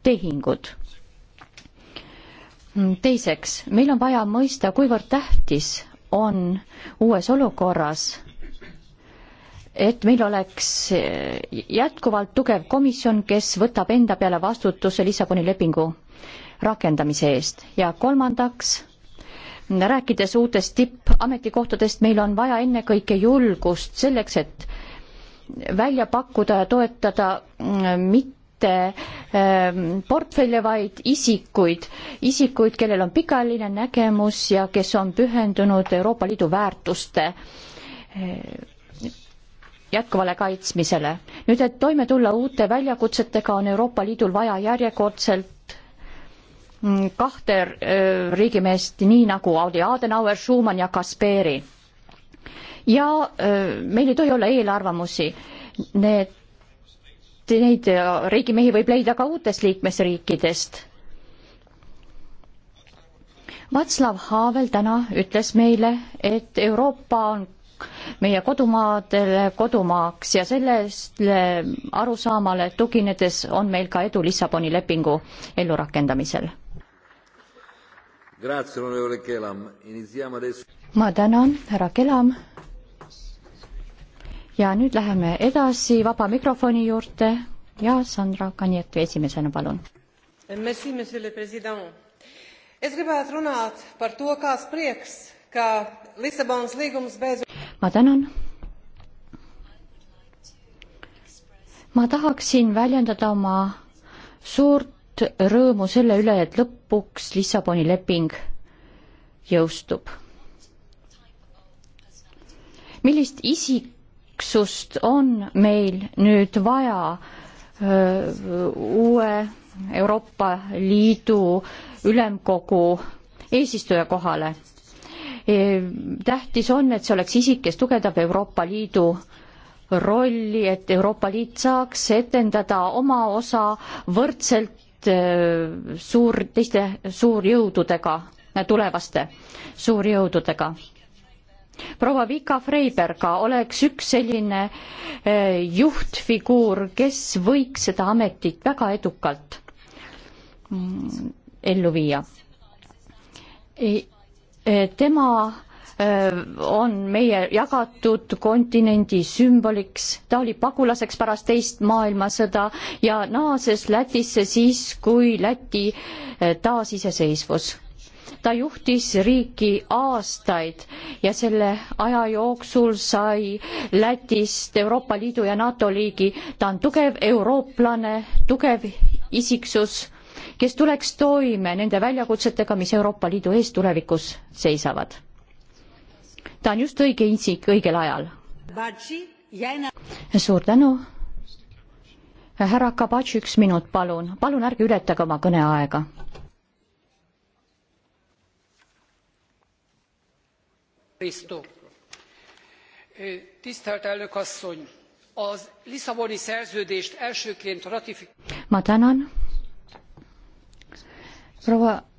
S4: tehingud. teiseks, meil on vaja mõista, kuivõrd tähtis on uues olukorras et meil oleks jätkuvalt tugev komisjon, kes võtab enda peale vastutuse Lissaboni lepingu rakendamise eest ja kolmandaks rääkides uutest tippametikohtadest, meil on vaja ennekõike julgust selleks, et välja pakkuda ja toetada mm, mitte ähm, portfelle, vaid isikuid, isikuid, kellel on pikaajaline nägemus ja kes on pühendunud Euroopa Liidu väärtuste äh, jätkuvale kaitsmisele. nüüd, et toime tulla uute väljakutsetega, on Euroopa Liidul vaja järjekordselt Mm, kahte äh, riigimeest, nii nagu Audi Adenauer, Schumann ja Kasperi. ja äh, meil ei tohi olla eelarvamusi, need, neid äh, riigimehi võib leida ka uutest liikmesriikidest. Václav Havel täna ütles meile, et Euroopa on meie kodumaadele kodumaaks ja sellele arusaamale tuginedes on meil ka edu Lissaboni lepingu ellurakendamisel ma tänan, härra Kelam. ja nüüd läheme edasi vaba mikrofoni juurde ja Sandra Kanietu esimesena, palun. ma tänan. ma tahaksin väljendada oma suurt suurt rõõmu selle üle, et lõpuks Lissaboni leping jõustub. millist isiksust on meil nüüd vaja öö, uue Euroopa Liidu ülemkogu eesistuja kohale? E, tähtis on, et see oleks isik, kes tugevdab Euroopa Liidu rolli, et Euroopa Liit saaks etendada oma osa võrdselt Äh, suur, teiste suurjõududega, äh, tulevaste suurjõududega. proua Vika Freiberga oleks üks selline äh, juhtfiguur, kes võiks seda ametit väga edukalt mm, ellu viia. E, e, tema on meie jagatud kontinendi sümboliks. ta oli pagulaseks pärast teist maailmasõda ja naases Lätisse siis, kui Läti taasiseseisvus. ta juhtis riiki aastaid ja selle aja jooksul sai Lätist Euroopa Liidu ja NATO liigi. ta on tugev eurooplane, tugev isiksus kes tuleks toime nende väljakutsetega, mis Euroopa Liidu ees tulevikus seisavad ta on just õige insik õigel ajal. suur tänu. härra Kabatš, üks minut, palun. palun ärge ületage oma kõneaega.
S3: tisztelt elnök asszony! az lisszaboni szerződést elsőként ratifikálta.
S4: ma tänan proua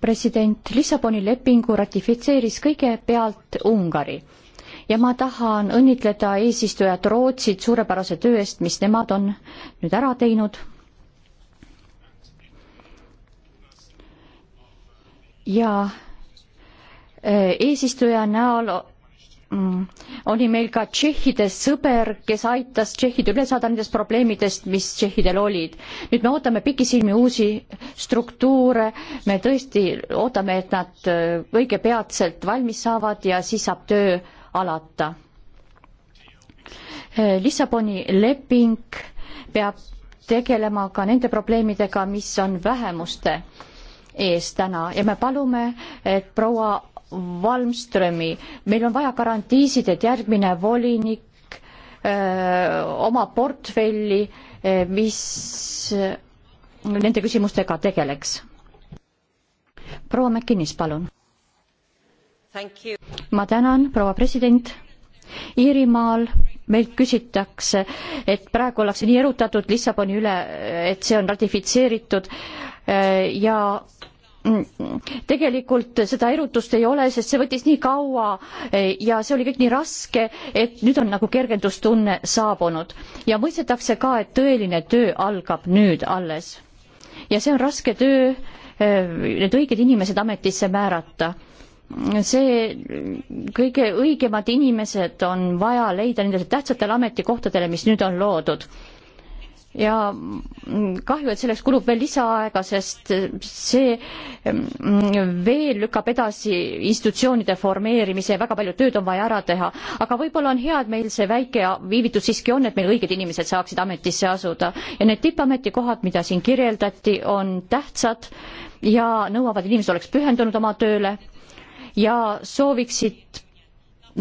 S4: president Lissaboni lepingu ratifitseeris kõigepealt Ungari ja ma tahan õnnitleda eesistujat Rootsit suurepärase töö eest, mis nemad on nüüd ära teinud. ja äh, eesistuja näol Mm. oli meil ka tšehhide sõber, kes aitas tšehhid üle saada nendest probleemidest, mis tšehhidel olid. nüüd me ootame pikisilmi uusi struktuure, me tõesti ootame, et nad äh, õige peatselt valmis saavad ja siis saab töö alata. Äh, Lissaboni leping peab tegelema ka nende probleemidega, mis on vähemuste ees täna ja me palume, et proua Valmströmi, meil on vaja garantiisid, et järgmine volinik öö, oma portfelli, mis öö, nende küsimustega tegeleks. proua Mäkinis, palun. ma tänan, proua president. Iirimaal meilt küsitakse, et praegu ollakse nii erutatud Lissaboni üle, et see on ratifitseeritud ja tegelikult seda erutust ei ole, sest see võttis nii kaua eh, ja see oli kõik nii raske, et nüüd on nagu kergendustunne saabunud ja mõistetakse ka, et tõeline töö algab nüüd alles. ja see on raske töö, eh, need õiged inimesed ametisse määrata see kõige õigemad inimesed on vaja leida nendele tähtsatele ametikohtadele, mis nüüd on loodud ja kahju, et selleks kulub veel lisaaega, sest see mm, veel lükkab edasi institutsioonide formeerimise ja väga palju tööd on vaja ära teha. aga võib-olla on hea, et meil see väike viivitus siiski on, et meil õiged inimesed saaksid ametisse asuda ja need tippametikohad, mida siin kirjeldati, on tähtsad ja nõuavad, inimesed oleks pühendunud oma tööle ja sooviksid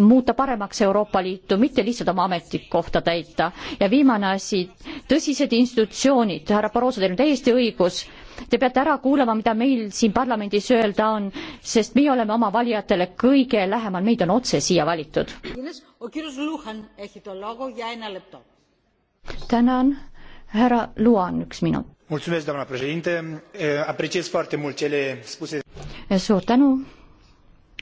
S4: muuta paremaks Euroopa Liitu, mitte lihtsalt oma ametikohta täita. ja viimane asi, tõsised institutsioonid, härra Barroso, teil on täiesti õigus, te peate ära kuulama, mida meil siin parlamendis öelda on, sest meie oleme oma valijatele kõige lähemal, meid on otse siia valitud. tänan, härra Luan, üks minut. suur tänu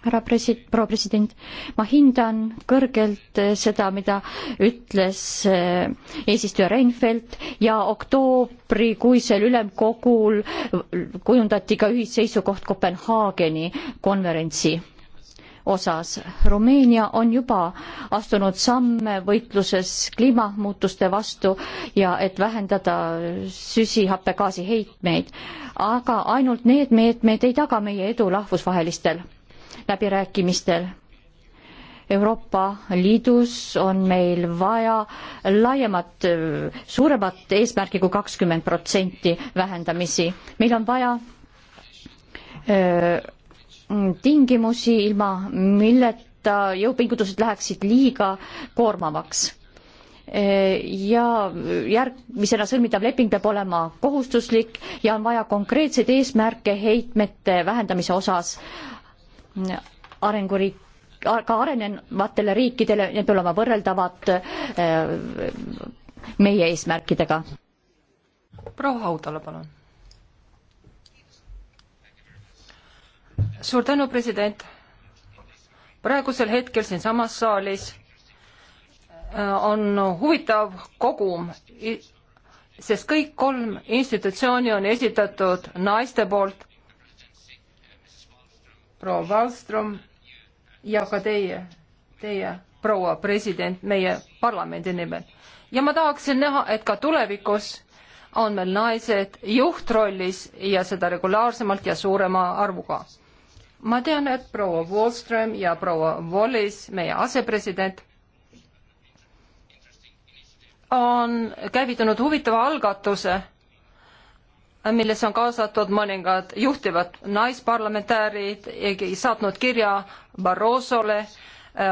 S4: härra presi-, proua president, ma hindan kõrgelt eh, seda, mida ütles eh, eesistuja Reinfeldt ja oktoobrikuisel ülemkogul kujundati ka ühisseisukoht Kopenhaageni konverentsi osas. Rumeenia on juba astunud samme võitluses kliimamuutuste vastu ja et vähendada süsihappegaasi heitmeid, aga ainult need meetmed ei taga meie edu rahvusvahelistel läbirääkimistel. Euroopa Liidus on meil vaja laiemat, suuremat eesmärki kui kakskümmend protsenti vähendamisi. meil on vaja öö, tingimusi, ilma milleta jõupingutused läheksid liiga koormavaks ja järgmisena sõlmitav leping peab olema kohustuslik ja on vaja konkreetseid eesmärke heitmete vähendamise osas arenguriik, ka arenevatele riikidele, need peavad olema võrreldavad äh, meie eesmärkidega.
S5: proua Haudala, palun. suur tänu, president. praegusel hetkel siinsamas saalis äh, on huvitav kogum, sest kõik kolm institutsiooni on esitatud naiste poolt proua Wallström ja ka teie, teie proua president meie parlamendi nimel. ja ma tahaksin näha, et ka tulevikus on meil naised juhtrollis ja seda regulaarsemalt ja suurema arvuga. ma tean, et proua Wallström ja proua Wallis, meie asepresident, on käivitanud huvitava algatuse millesse on kaasatud mõningad juhtivad naisparlamentäärid, saatnud kirja Barrosole äh,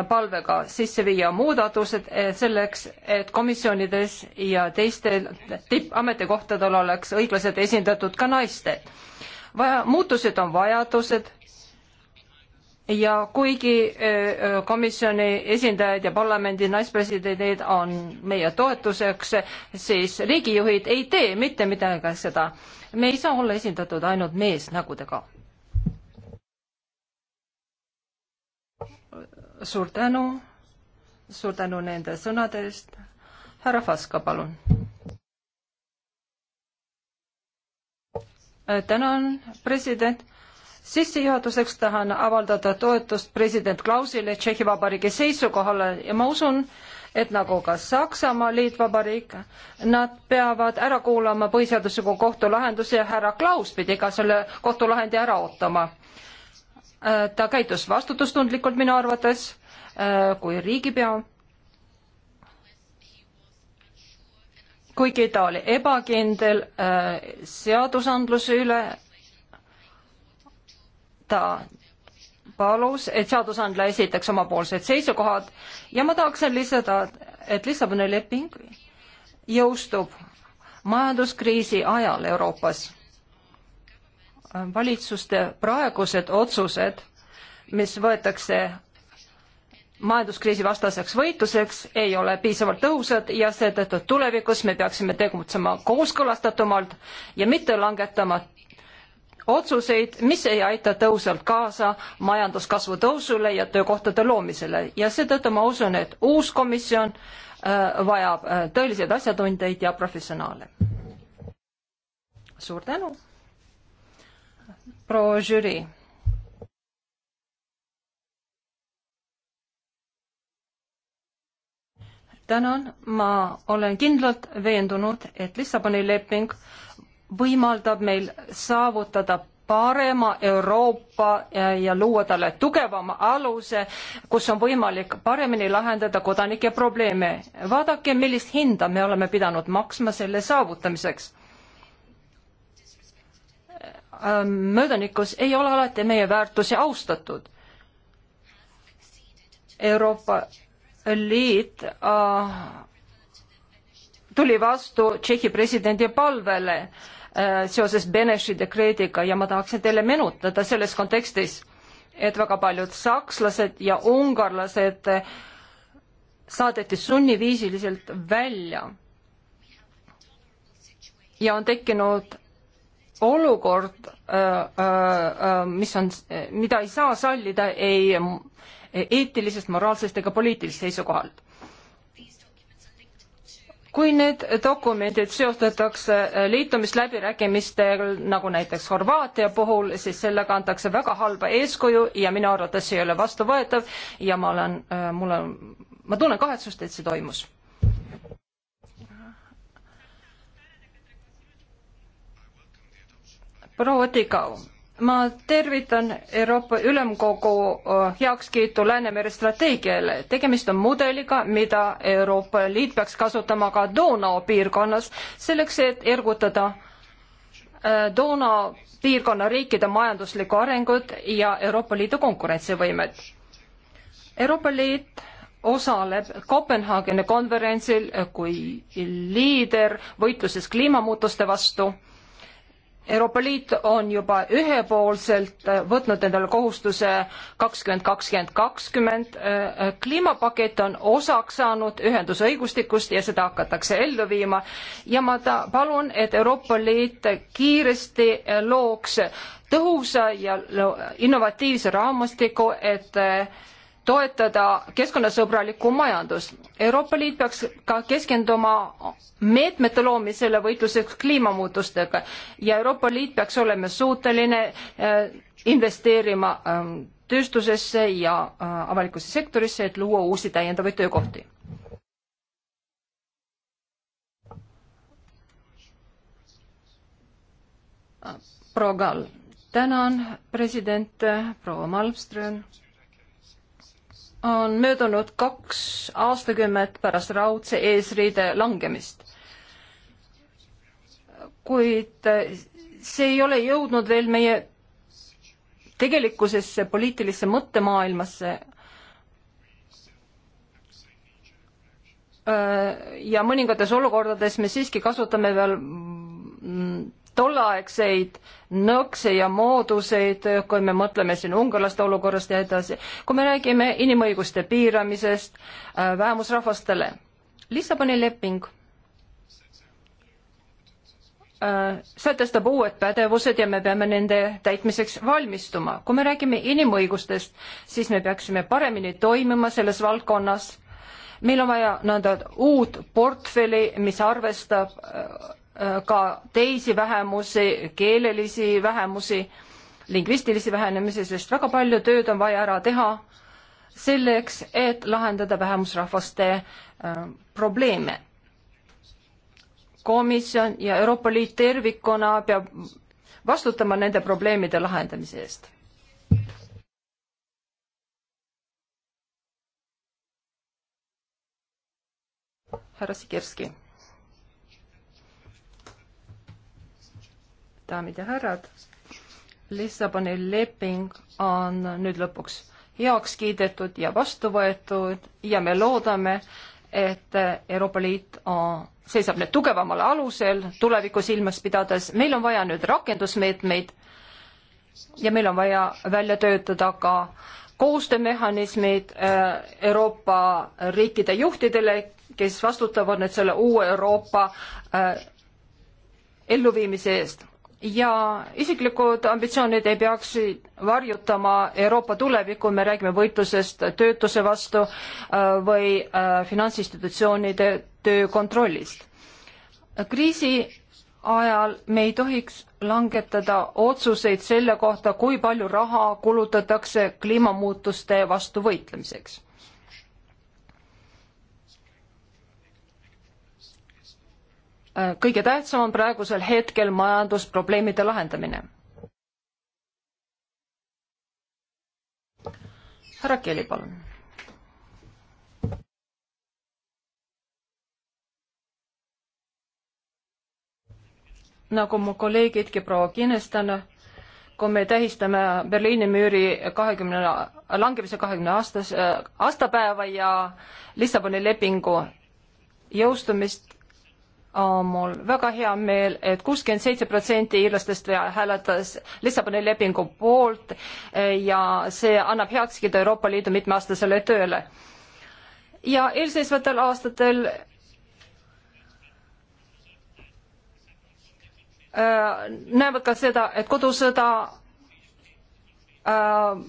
S5: palvega sisse viia muudatused äh, selleks, et komisjonides ja teistel tippametikohtadel oleks õiglaselt esindatud ka naised. vaja, muutused on vajadused ja kuigi äh, äh, komisjoni esindajad ja parlamendi naispresidendid on meie toetuseks, siis riigijuhid ei tee mitte midagi seda. me ei saa olla esindatud ainult meesnägudega. suur tänu, suur tänu nende sõnade eest. härra Faska, palun. tänan, president sissejuhatuseks tahan avaldada toetust president Klausile Tšehhi Vabariigi seisukohale ja ma usun, et nagu ka Saksamaa liitvabariik, nad peavad ära kuulama põhiseadusliku kohtu lahenduse ja härra Klaus pidi ka selle kohtulahendi ära ootama. Äh, ta käitus vastutustundlikult minu arvates äh, kui riigipea. kuigi ta oli ebakindel äh, seadusandluse üle ta palus, et seadusandja esitaks omapoolsed seisukohad ja ma tahaksin lisada, et Lissaboni leping jõustub majanduskriisi ajal Euroopas. valitsuste praegused otsused, mis võetakse majanduskriisi vastaseks võitluseks, ei ole piisavalt tõhusad ja seetõttu tulevikus me peaksime tegutsema kooskõlastatumalt ja mitte langetama otsuseid, mis ei aita tõhusalt kaasa majanduskasvu tõusule ja töökohtade loomisele ja seetõttu ma usun, et uus komisjon äh, vajab äh, tõeliseid asjatundjaid ja professionaale. suur tänu, proua žürii. tänan, ma olen kindlalt veendunud, et Lissaboni leping võimaldab meil saavutada parema Euroopa ja, ja luua talle tugevama aluse, kus on võimalik paremini lahendada kodanike probleeme. vaadake, millist hinda me oleme pidanud maksma selle saavutamiseks. Ähm, möödanikus ei ole alati meie väärtusi austatud. Euroopa Liit äh, tuli vastu Tšehhi presidendi palvele äh, seoses Beneši dekreediga ja ma tahaksin teile meenutada selles kontekstis, et väga paljud sakslased ja ungarlased äh, saadeti sunniviisiliselt välja ja on tekkinud olukord, äh, mis on, mida ei saa sallida ei eetilisest, moraalsest ega poliitilisest seisukohalt kui need dokumendid seostatakse äh, liitumisläbirääkimistel, nagu näiteks Horvaatia puhul, siis sellega antakse väga halba eeskuju ja minu arvates see ei ole vastuvõetav ja ma olen, äh, mul on, ma tunnen kahetsust, et see toimus. proua Tikau ma tervitan Euroopa Ülemkogu äh, heakskiitu Läänemere strateegiale. tegemist on mudeliga, mida Euroopa Liit peaks kasutama ka Donau piirkonnas, selleks et ergutada äh, Donau piirkonna riikide majanduslikku arengut ja Euroopa Liidu konkurentsivõimet. Euroopa Liit osaleb Kopenhaageni konverentsil kui liider võitluses kliimamuutuste vastu Euroopa Liit on juba ühepoolselt äh, võtnud endale kohustuse kakskümmend kakskümmend kakskümmend. Äh, äh, kliimapakett on osaks saanud ühendusõigustikust ja seda hakatakse ellu viima ja ma ta-, palun, et Euroopa Liit kiiresti looks tõhusa ja innovatiivse raamastiku, et toetada keskkonnasõbralikku majandust. Euroopa Liit peaks ka keskenduma meetmete loomisele võitluseks kliimamuutustega ja Euroopa Liit peaks olema suuteline äh, investeerima ähm, tööstusesse ja äh, avalikusse sektorisse, et luua uusi täiendavaid töökohti. Äh, proua Kall, tänan, president proua Malmström on möödunud kaks aastakümmet pärast raudse eesriide langemist. kuid see ei ole jõudnud veel meie tegelikkusesse, poliitilisse mõttemaailmasse. ja mõningates olukordades me siiski kasutame veel mm, tolleaegseid nõkse ja mooduseid, kui me mõtleme siin ungarlaste olukorrast ja edasi, kui me räägime inimõiguste piiramisest äh, vähemusrahvastele. Lissaboni leping äh, sätestab uued pädevused ja me peame nende täitmiseks valmistuma. kui me räägime inimõigustest, siis me peaksime paremini toimima selles valdkonnas. meil on vaja nõnda uut portfelli, mis arvestab äh, Äh, ka teisi vähemusi, keelelisi vähemusi, lingvistilisi vähenemisi, sest väga palju tööd on vaja ära teha selleks, et lahendada vähemusrahvaste äh, probleeme. komisjon ja Euroopa Liit tervikuna peab vastutama nende probleemide lahendamise eest. härra Sikerski daamid ja härrad, Lissaboni leping on nüüd lõpuks heaks kiidetud ja vastu võetud ja me loodame, et Euroopa Liit on, seisab nüüd tugevamal alusel tulevikku silmas pidades, meil on vaja nüüd rakendusmeetmeid ja meil on vaja välja töötada ka koostöömehhanismid äh, Euroopa riikide juhtidele, kes vastutavad nüüd selle uue Euroopa äh, elluviimise eest ja isiklikud ambitsioonid ei peaks varjutama Euroopa tulevikku, me räägime võitlusest töötuse vastu äh, või äh, finantsinstitutsioonide töö kontrollist. kriisi ajal me ei tohiks langetada otsuseid selle kohta, kui palju raha kulutatakse kliimamuutuste vastu võitlemiseks kõige tähtsam on praegusel hetkel majandusprobleemide lahendamine. härra Keli, palun. nagu mu kolleegidki proua Kinestan, kui me tähistame Berliini müüri kahekümne, langemise kahekümne aastas, äh, aastapäeva ja Lissaboni lepingu jõustumist, on mul väga hea meel et, et kuuskümmend seitse protsenti iirlastest hääletas Lissaboni lepingu poolt eh, ja see annab heakskiidu Euroopa Liidu mitmeaastasele tööle. ja eelseisvatel aastatel eh, näevad ka seda, et kodusõda äh,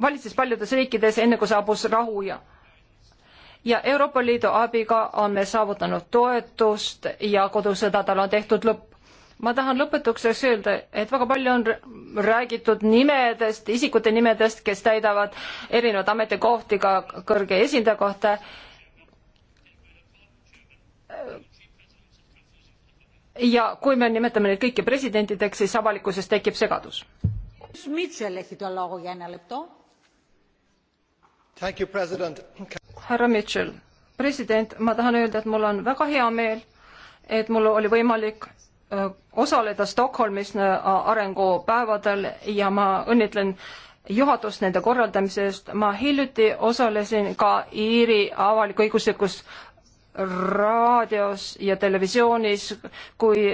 S5: valitses paljudes riikides, enne kui saabus rahu ja äh, ja Euroopa Liidu abiga on me saavutanud toetust ja kodusõdadel on tehtud lõpp. ma tahan lõpetuseks öelda, et väga palju on räägitud nimedest, isikute nimedest, kes täidavad erinevaid ametikohti, ka kõrge esindaja kohta. ja kui me nimetame neid kõiki presidentideks, siis avalikkuses tekib segadus.
S3: Schmidt, see lehit on laugu jäänelõpp too
S5: härra Mitchell,
S3: president,
S5: ma tahan öelda, et mul on väga hea meel, et mul oli võimalik äh, osaleda Stockholmis äh, arengupäevadel ja ma õnnitlen juhatust nende korraldamise eest. ma hiljuti osalesin ka Iiri avalik-õiguslikus raadios ja televisioonis, kui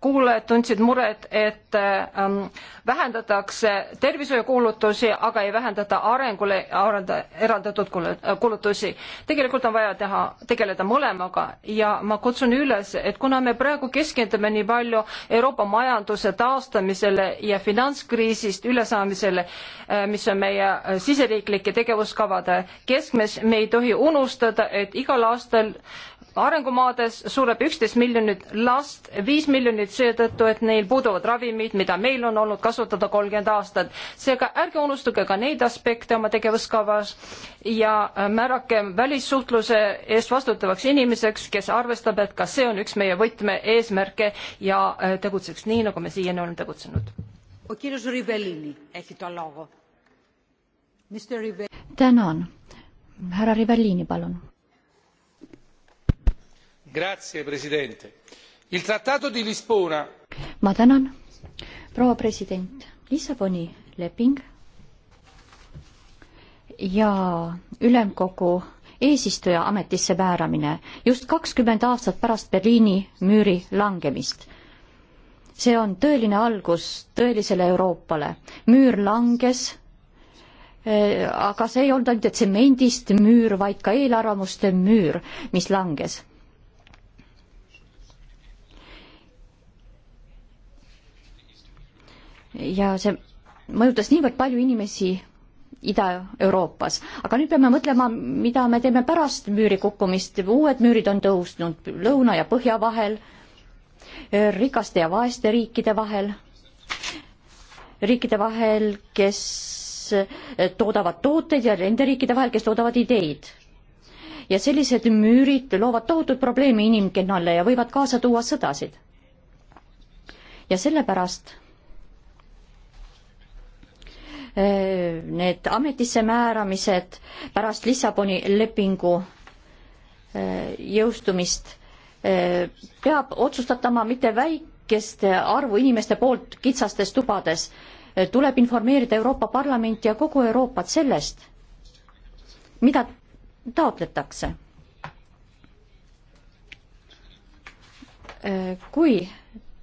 S5: kuulajad tundsid muret, et ähm, vähendatakse tervishoiukulutusi, aga ei vähendata arengule arenda, eraldatud kulutusi. tegelikult on vaja teha, tegeleda mõlemaga ja ma kutsun üles, et kuna me praegu keskendume nii palju Euroopa majanduse taastamisele ja finantskriisist ülesaamisele äh,, mis on meie äh, siseriiklike tegevuskavade keskmes, me ei tohi unustada, et igal aastal äh, arengumaades sureb üksteist miljonit last, viis miljonit seetõttu, et neil puuduvad ravimid, mida meil on olnud kasutada kolmkümmend aastat. seega ärge unustage ka neid aspekte oma tegevuskavas ja äh, määrakem välissuhtluse eest vastutavaks inimeseks, kes arvestab, et ka see on üks meie võtme-eesmärke ja äh, tegutseks nii, nagu me siiani oleme tegutsenud.
S4: tänan. härra Rivellini, palun
S6: Lisbona...
S4: ma tänan, proua president. Lissaboni leping ja ülemkogu eesistuja ametisse määramine just kakskümmend aastat pärast Berliini müüri langemist. see on tõeline algus tõelisele Euroopale. müür langes, eh, aga see ei olnud ainult tsemendist müür, vaid ka eelarvamuste müür, mis langes ja see mõjutas niivõrd palju inimesi Ida-Euroopas, aga nüüd peame mõtlema, mida me teeme pärast müüri kukkumist, uued müürid on tõusnud lõuna ja põhja vahel, rikaste ja vaeste riikide vahel, riikide vahel, kes toodavad tooteid ja nende riikide vahel, kes toodavad ideid. ja sellised müürid loovad tohutut probleemi inimkonnale ja võivad kaasa tuua sõdasid. ja sellepärast need ametisse määramised pärast Lissaboni lepingu eh, jõustumist eh, peab otsustatama mitte väikeste arvu inimeste poolt kitsastes tubades, eh, tuleb informeerida Euroopa Parlamenti ja kogu Euroopat sellest, mida taotletakse. kui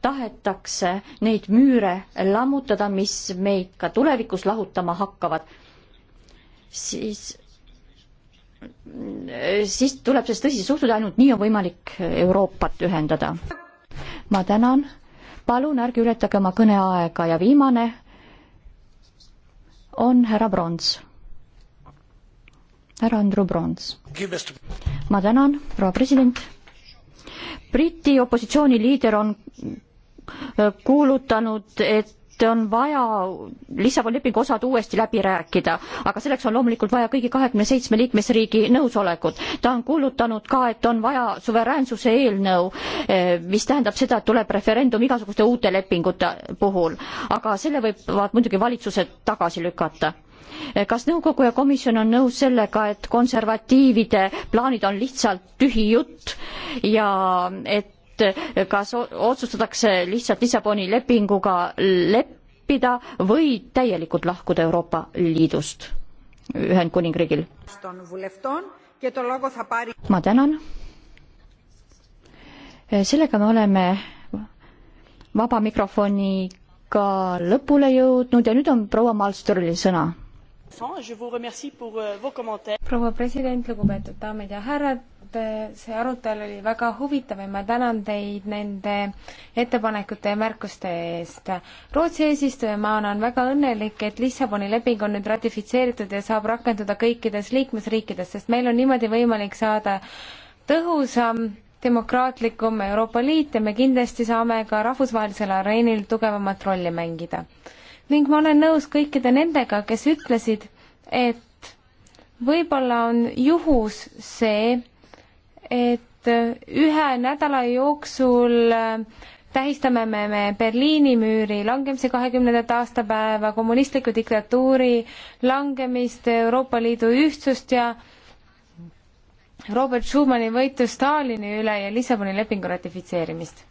S4: tahetakse neid müüre lammutada, mis meid ka tulevikus lahutama hakkavad, siis, siis tuleb sellest tõsiselt suhtuda, ainult nii on võimalik Euroopat ühendada. ma tänan, palun ärge ületage oma kõneaega ja viimane on härra Brons. härra Andrew Brons. ma tänan, proua president Briti opositsiooniliider on Äh, kuulutanud, et on vaja Lissaboni lepingu osad uuesti läbi rääkida, aga selleks on loomulikult vaja kõigi kahekümne seitsme liikmesriigi nõusolekut. ta on kuulutanud ka, et on vaja suveräänsuse eelnõu, äh, mis tähendab seda, et tuleb referendum igasuguste uute lepingute puhul, aga selle võivad muidugi valitsused tagasi lükata äh, kas nõukogu ja komisjon on nõus sellega, et konservatiivide plaanid on lihtsalt tühi jutt ja et et kas otsustatakse lihtsalt Lissaboni lepinguga leppida või täielikult lahkuda Euroopa Liidust Ühendkuningriigil. ma tänan. sellega me oleme vaba mikrofoniga lõpule jõudnud ja nüüd on proua Malmströmil sõna.
S6: Euh, proua president, lugupeetud daamid ja härrad et see arutelu oli väga huvitav ja ma tänan teid nende ettepanekute ja märkuste eest. Rootsi eesistujamaana on väga õnnelik, et Lissaboni leping on nüüd ratifitseeritud ja saab rakenduda kõikides liikmesriikides, sest meil on niimoodi võimalik saada tõhusam demokraatlikum Euroopa Liit ja me kindlasti saame ka rahvusvahelisel areenil tugevamat rolli mängida. ning ma olen nõus kõikide nendega, kes ütlesid, et võib-olla on juhus see, et ühe nädala jooksul tähistame me, me Berliini müüri langemise kahekümnendat aastapäeva, kommunistliku diktatuuri langemist, Euroopa Liidu ühtsust ja Robert Schumani võitu Stalini üle ja Lissaboni lepingu
S4: ratifitseerimist.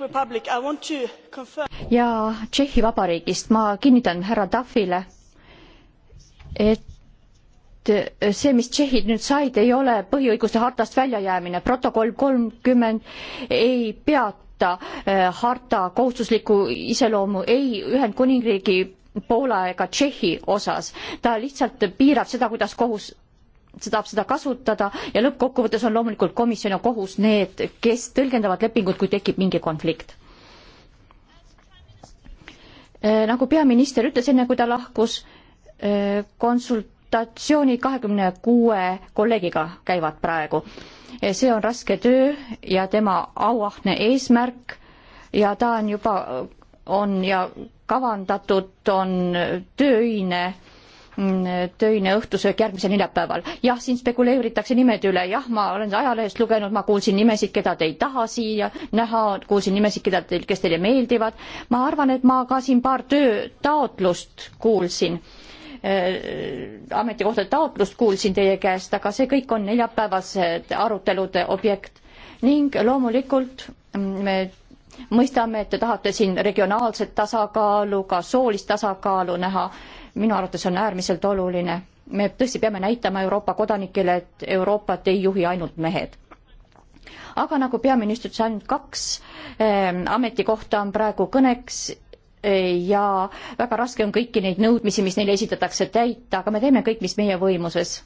S4: Republic, ja Tšehhi Vabariigist ma kinnitan härra Duffile, et Eh, see, mis tšehhid nüüd said, ei ole põhiõiguste hartast väljajäämine, protokoll kolmkümmend ei peata eh, harta kohustuslikku iseloomu ei Ühendkuningriigi, Poola ega Tšehhi osas, ta lihtsalt piirab seda, kuidas kohus saab seda kasutada ja lõppkokkuvõttes on loomulikult komisjon ja kohus need, kes tõlgendavad lepingut, kui tekib mingi konflikt eh, nagu peaminister ütles, enne kui ta lahkus, konsult-, konsultatsioonid kahekümne kuue kolleegiga käivad praegu. see on raske töö ja tema auahne eesmärk ja ta on juba, on ja kavandatud on tööine töine õhtusöök järgmisel neljapäeval. jah, siin spekuleeritakse nimede üle, jah, ma olen ajalehest lugenud, ma kuulsin nimesid, keda te ei taha siia näha, kuulsin nimesid, keda teil, kes teile meeldivad. ma arvan, et ma ka siin paar töötaotlust kuulsin Äh, ametikohtade taotlust kuulsin teie käest, aga see kõik on neljapäevased arutelude objekt ning loomulikult me mõistame, et te tahate siin regionaalset tasakaalu, ka soolist tasakaalu näha. minu arvates on äärmiselt oluline. me tõesti peame näitama Euroopa kodanikele, et Euroopat ei juhi ainult mehed aga nagu peaminister ütles, ainult kaks eh, ametikohta on praegu kõneks ja väga raske on kõiki neid nõudmisi, mis neile esitatakse, täita, aga me teeme kõik, mis meie võimuses.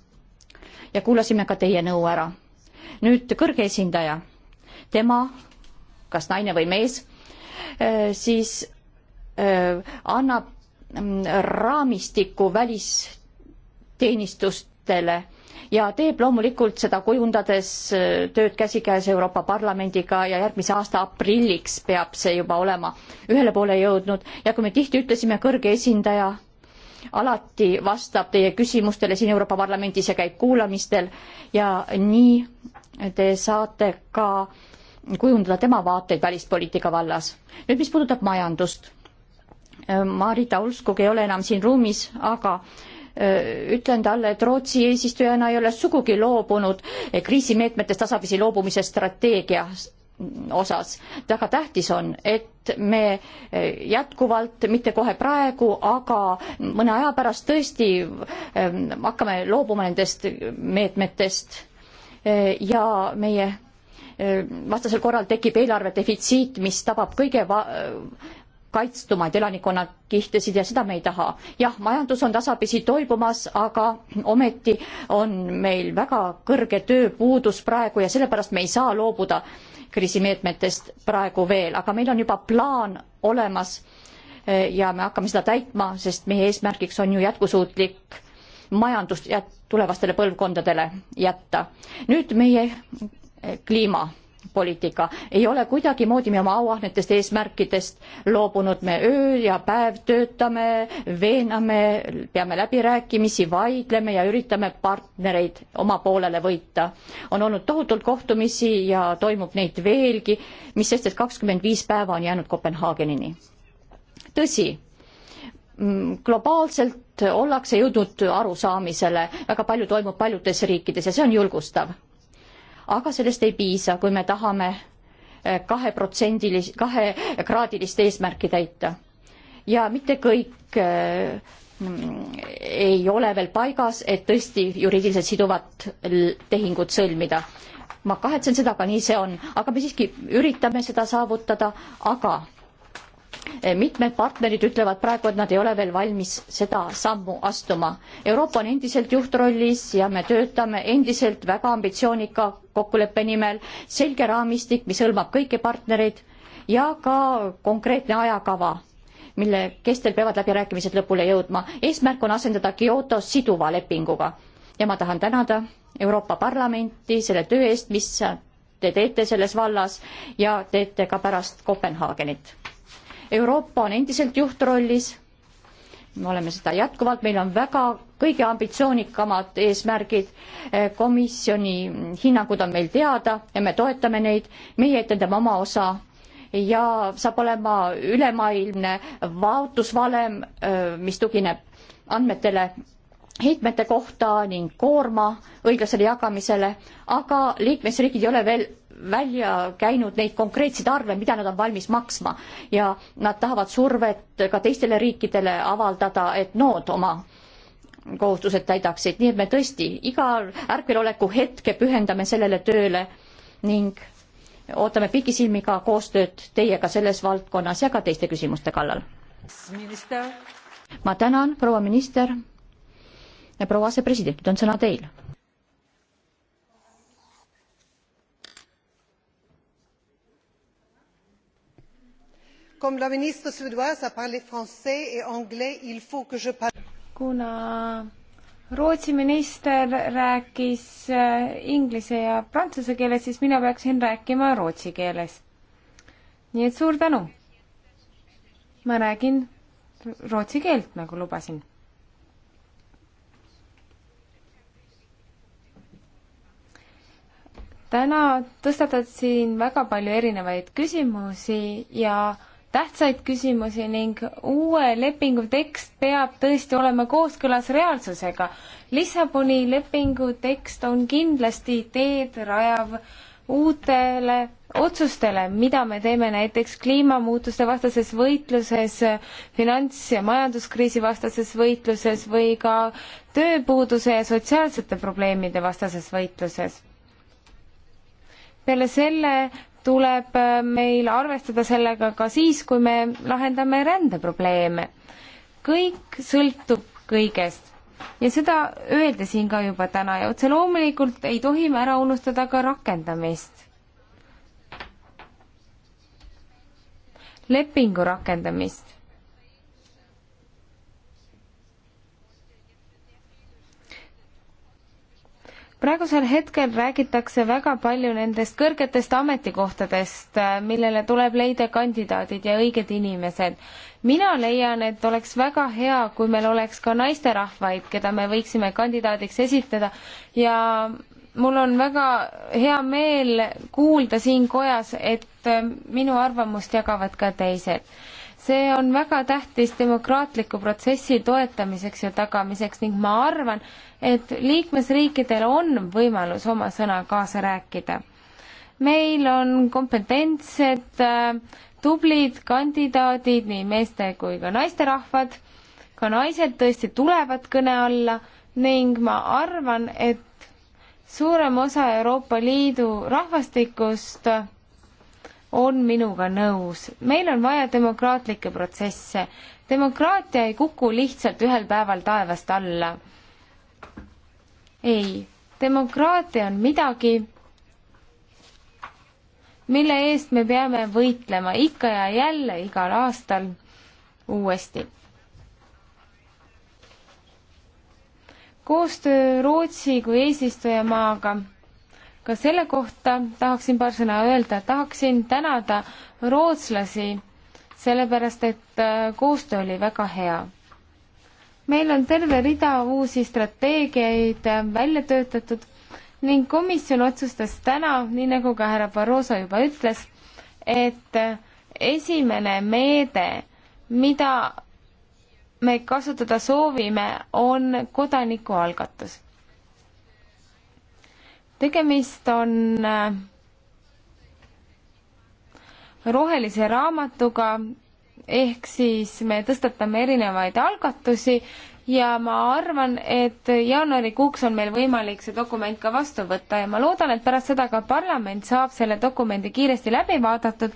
S4: ja kuulasime ka teie nõu ära. nüüd kõrge esindaja, tema, kas naine või mees, äh, siis äh, annab mm, raamistiku välisteenistustele ja teeb loomulikult seda kujundades äh, tööd käsikäes Euroopa Parlamendiga ja järgmise aasta aprilliks peab see juba olema ühele poole jõudnud ja kui me tihti ütlesime, kõrge esindaja alati vastab teie küsimustele siin Euroopa Parlamendis ja käib kuulamistel ja nii te saate ka kujundada tema vaateid välispoliitika vallas. nüüd, mis puudutab majandust. Äh, Marita Ulskog ei ole enam siin ruumis, aga äh, Äh, ütlen talle, et Rootsi eesistujana ei ole sugugi loobunud äh, kriisimeetmetest tasapisi loobumise strateegia osas. väga tähtis on, et me äh, jätkuvalt, mitte kohe praegu, aga mõne aja pärast tõesti ähm, hakkame loobuma nendest meetmetest ja meie vastasel korral tekib eelarve defitsiit, mis tabab kõige va kaitstumaid elanikkonnakihtisid ja seda me ei taha. jah, majandus on tasapisi toibumas, aga ometi on meil väga kõrge tööpuudus praegu ja sellepärast me ei saa loobuda kriisimeetmetest praegu veel, aga meil on juba plaan olemas ja me hakkame seda täitma, sest meie eesmärgiks on ju jätkusuutlik majandust jät-, tulevastele põlvkondadele jätta. nüüd meie kliima poliitika ei ole kuidagimoodi me oma auahnetest eesmärkidest loobunud, me öö ja päev töötame, veename, peame läbirääkimisi, vaidleme ja üritame partnereid oma poolele võita. on olnud tohutult kohtumisi ja toimub neid veelgi, mis sest, et kakskümmend viis päeva on jäänud Kopenhaagenini. tõsi, mm, globaalselt ollakse jõudnud arusaamisele, väga palju toimub paljudes riikides ja see on julgustav aga sellest ei piisa, kui me tahame eh, kaheprotsendilist, kahekraadilist eesmärki täita. ja mitte kõik eh, mm, ei ole veel paigas, et tõesti juriidiliselt siduvat tehingut sõlmida. ma kahetsen seda, aga nii see on, aga me siiski üritame seda saavutada, aga Eh, mitmed partnerid ütlevad praegu, et nad ei ole veel valmis seda sammu astuma. Euroopa on endiselt juhtrollis ja me töötame endiselt väga ambitsioonika kokkuleppe nimel, selge raamistik, mis hõlmab kõiki partnereid ja ka konkreetne ajakava, mille kestel peavad läbirääkimised lõpule jõudma. eesmärk on asendada Kyoto siduva lepinguga ja ma tahan tänada Euroopa Parlamenti selle töö eest, mis te teete selles vallas ja teete ka pärast Kopenhaagenit Euroopa on endiselt juhtrollis, me oleme seda jätkuvalt, meil on väga kõige ambitsioonikamad eesmärgid, komisjoni hinnangud on meil teada ja me toetame neid, meie etendame oma osa ja saab olema ülemaailmne vaotusvalem, mis tugineb andmetele heitmete kohta ning koorma õiglasele jagamisele, aga liikmesriigid ei ole veel välja käinud neid konkreetseid arve, mida nad on valmis maksma ja nad tahavad survet ka teistele riikidele avaldada, et nood oma kohustused täidaksid, nii et me tõesti igal ärkveloleku hetke pühendame sellele tööle ning ootame pikisilmi ka koostööd teiega selles valdkonnas ja ka teiste küsimuste kallal. ma tänan, proua minister. proua asepresident, nüüd on sõna teil
S3: Comme la ministre suédoise a parlé français et anglais, il faut que
S6: je parle. Kuna Rootsi minister rääkis äh, inglise ja prantsuse keeles, siis mina peaksin rääkima rootsi keeles. nii et suur tänu. ma räägin rootsi keelt, nagu lubasin täna tõstatad siin väga palju erinevaid küsimusi ja tähtsaid küsimusi ning uue lepingu tekst peab tõesti olema kooskõlas reaalsusega. Lissaboni lepingu tekst on kindlasti teed rajav uutele otsustele, mida me teeme näiteks kliimamuutuste vastases võitluses, finants- ja majanduskriisi vastases võitluses või ka tööpuuduse ja sotsiaalsete probleemide vastases võitluses. peale selle tuleb äh, meil arvestada sellega ka siis, kui me lahendame rändeprobleeme. kõik sõltub kõigest ja seda öeldi siin ka juba täna ja otse loomulikult ei tohi me ära unustada ka rakendamist. lepingu rakendamist praegusel hetkel räägitakse väga palju nendest kõrgetest ametikohtadest, äh, millele tuleb leida kandidaadid ja õiged inimesed. mina leian, et oleks väga hea, kui meil oleks ka naisterahvaid, keda me võiksime kandidaadiks esitada ja mul on väga hea meel kuulda siin kojas, et äh, minu arvamust jagavad ka teised see on väga tähtis demokraatliku protsessi toetamiseks ja tagamiseks ning ma arvan, et liikmesriikidel on võimalus oma sõna kaasa rääkida. meil on kompetentsed, äh, tublid kandidaadid, nii meeste kui ka naisterahvad, ka naised tõesti tulevad kõne alla ning ma arvan, et suurem osa Euroopa Liidu rahvastikust on minuga nõus. meil on vaja demokraatlikke protsesse. demokraatia ei kuku lihtsalt ühel päeval taevast alla. ei, demokraatia on midagi, mille eest me peame võitlema ikka ja jälle igal aastal uuesti. koostöö Rootsi kui eesistujamaaga ka selle kohta tahaksin paar sõna öelda, tahaksin tänada rootslasi, sellepärast et äh, koostöö oli väga hea. meil on terve rida uusi strateegiaid äh, välja töötatud ning komisjon otsustas täna, nii nagu ka härra Barroso juba ütles, et äh, esimene meede, mida me kasutada soovime, on kodanikualgatus tegemist on äh, rohelise raamatuga ehk siis me tõstatame erinevaid algatusi ja ma arvan, et jaanuarikuuks on meil võimalik see dokument ka vastu võtta ja ma loodan, et pärast seda ka parlament saab selle dokumendi kiiresti läbi vaadatud,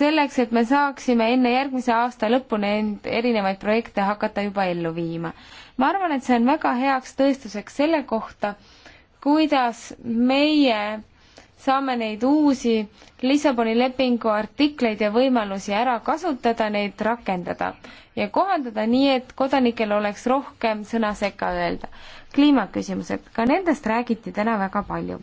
S6: selleks et me saaksime enne järgmise aasta lõppu neid erinevaid projekte hakata juba ellu viima. ma arvan, et see on väga heaks tõestuseks selle kohta, kuidas meie saame neid uusi Lissaboni lepingu artikleid ja võimalusi ära kasutada, neid rakendada ja kohandada nii, et kodanikel oleks rohkem sõna sekka öelda. kliimaküsimused, ka nendest räägiti täna väga palju.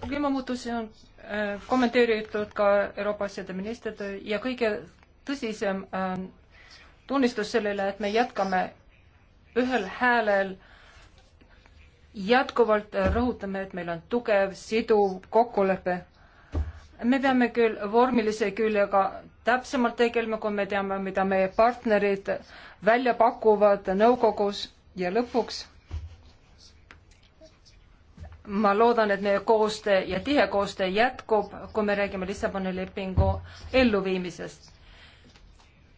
S5: kliimamuutusi on äh, kommenteeritud ka Euroopa asjade ministrid ja kõige tõsisem äh, tunnistus sellele, et me jätkame ühel häälel jätkuvalt rõhutame, et meil on tugev, siduv kokkulepe. me peame küll vormilise küljega täpsemalt tegelema, kui me teame, mida meie partnerid välja pakuvad nõukogus ja lõpuks ma loodan, et meie koostöö ja tihe koostöö jätkub, kui me räägime Lissaboni lepingu elluviimisest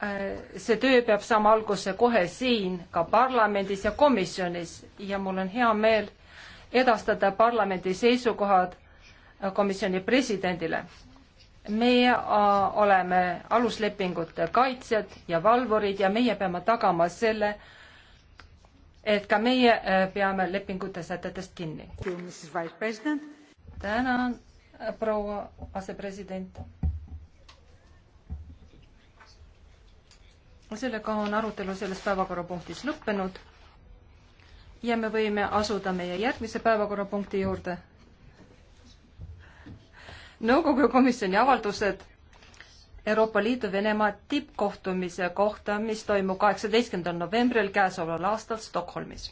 S5: Äh, see töö peab saama alguse kohe siin, ka parlamendis ja komisjonis ja mul on hea meel edastada parlamendi seisukohad äh, komisjoni presidendile. meie äh, oleme aluslepingute kaitsjad ja valvurid ja meie peame tagama selle, et ka meie peame lepingute sätetest kinni. tänan, proua asepresident sellega on arutelu selles päevakorrapunktis lõppenud ja me võime asuda meie järgmise päevakorrapunkti juurde. nõukogu komisjoni avaldused Euroopa Liidu Venemaa tippkohtumise kohta, mis toimub kaheksateistkümnendal novembril käesoleval aastal Stockholmis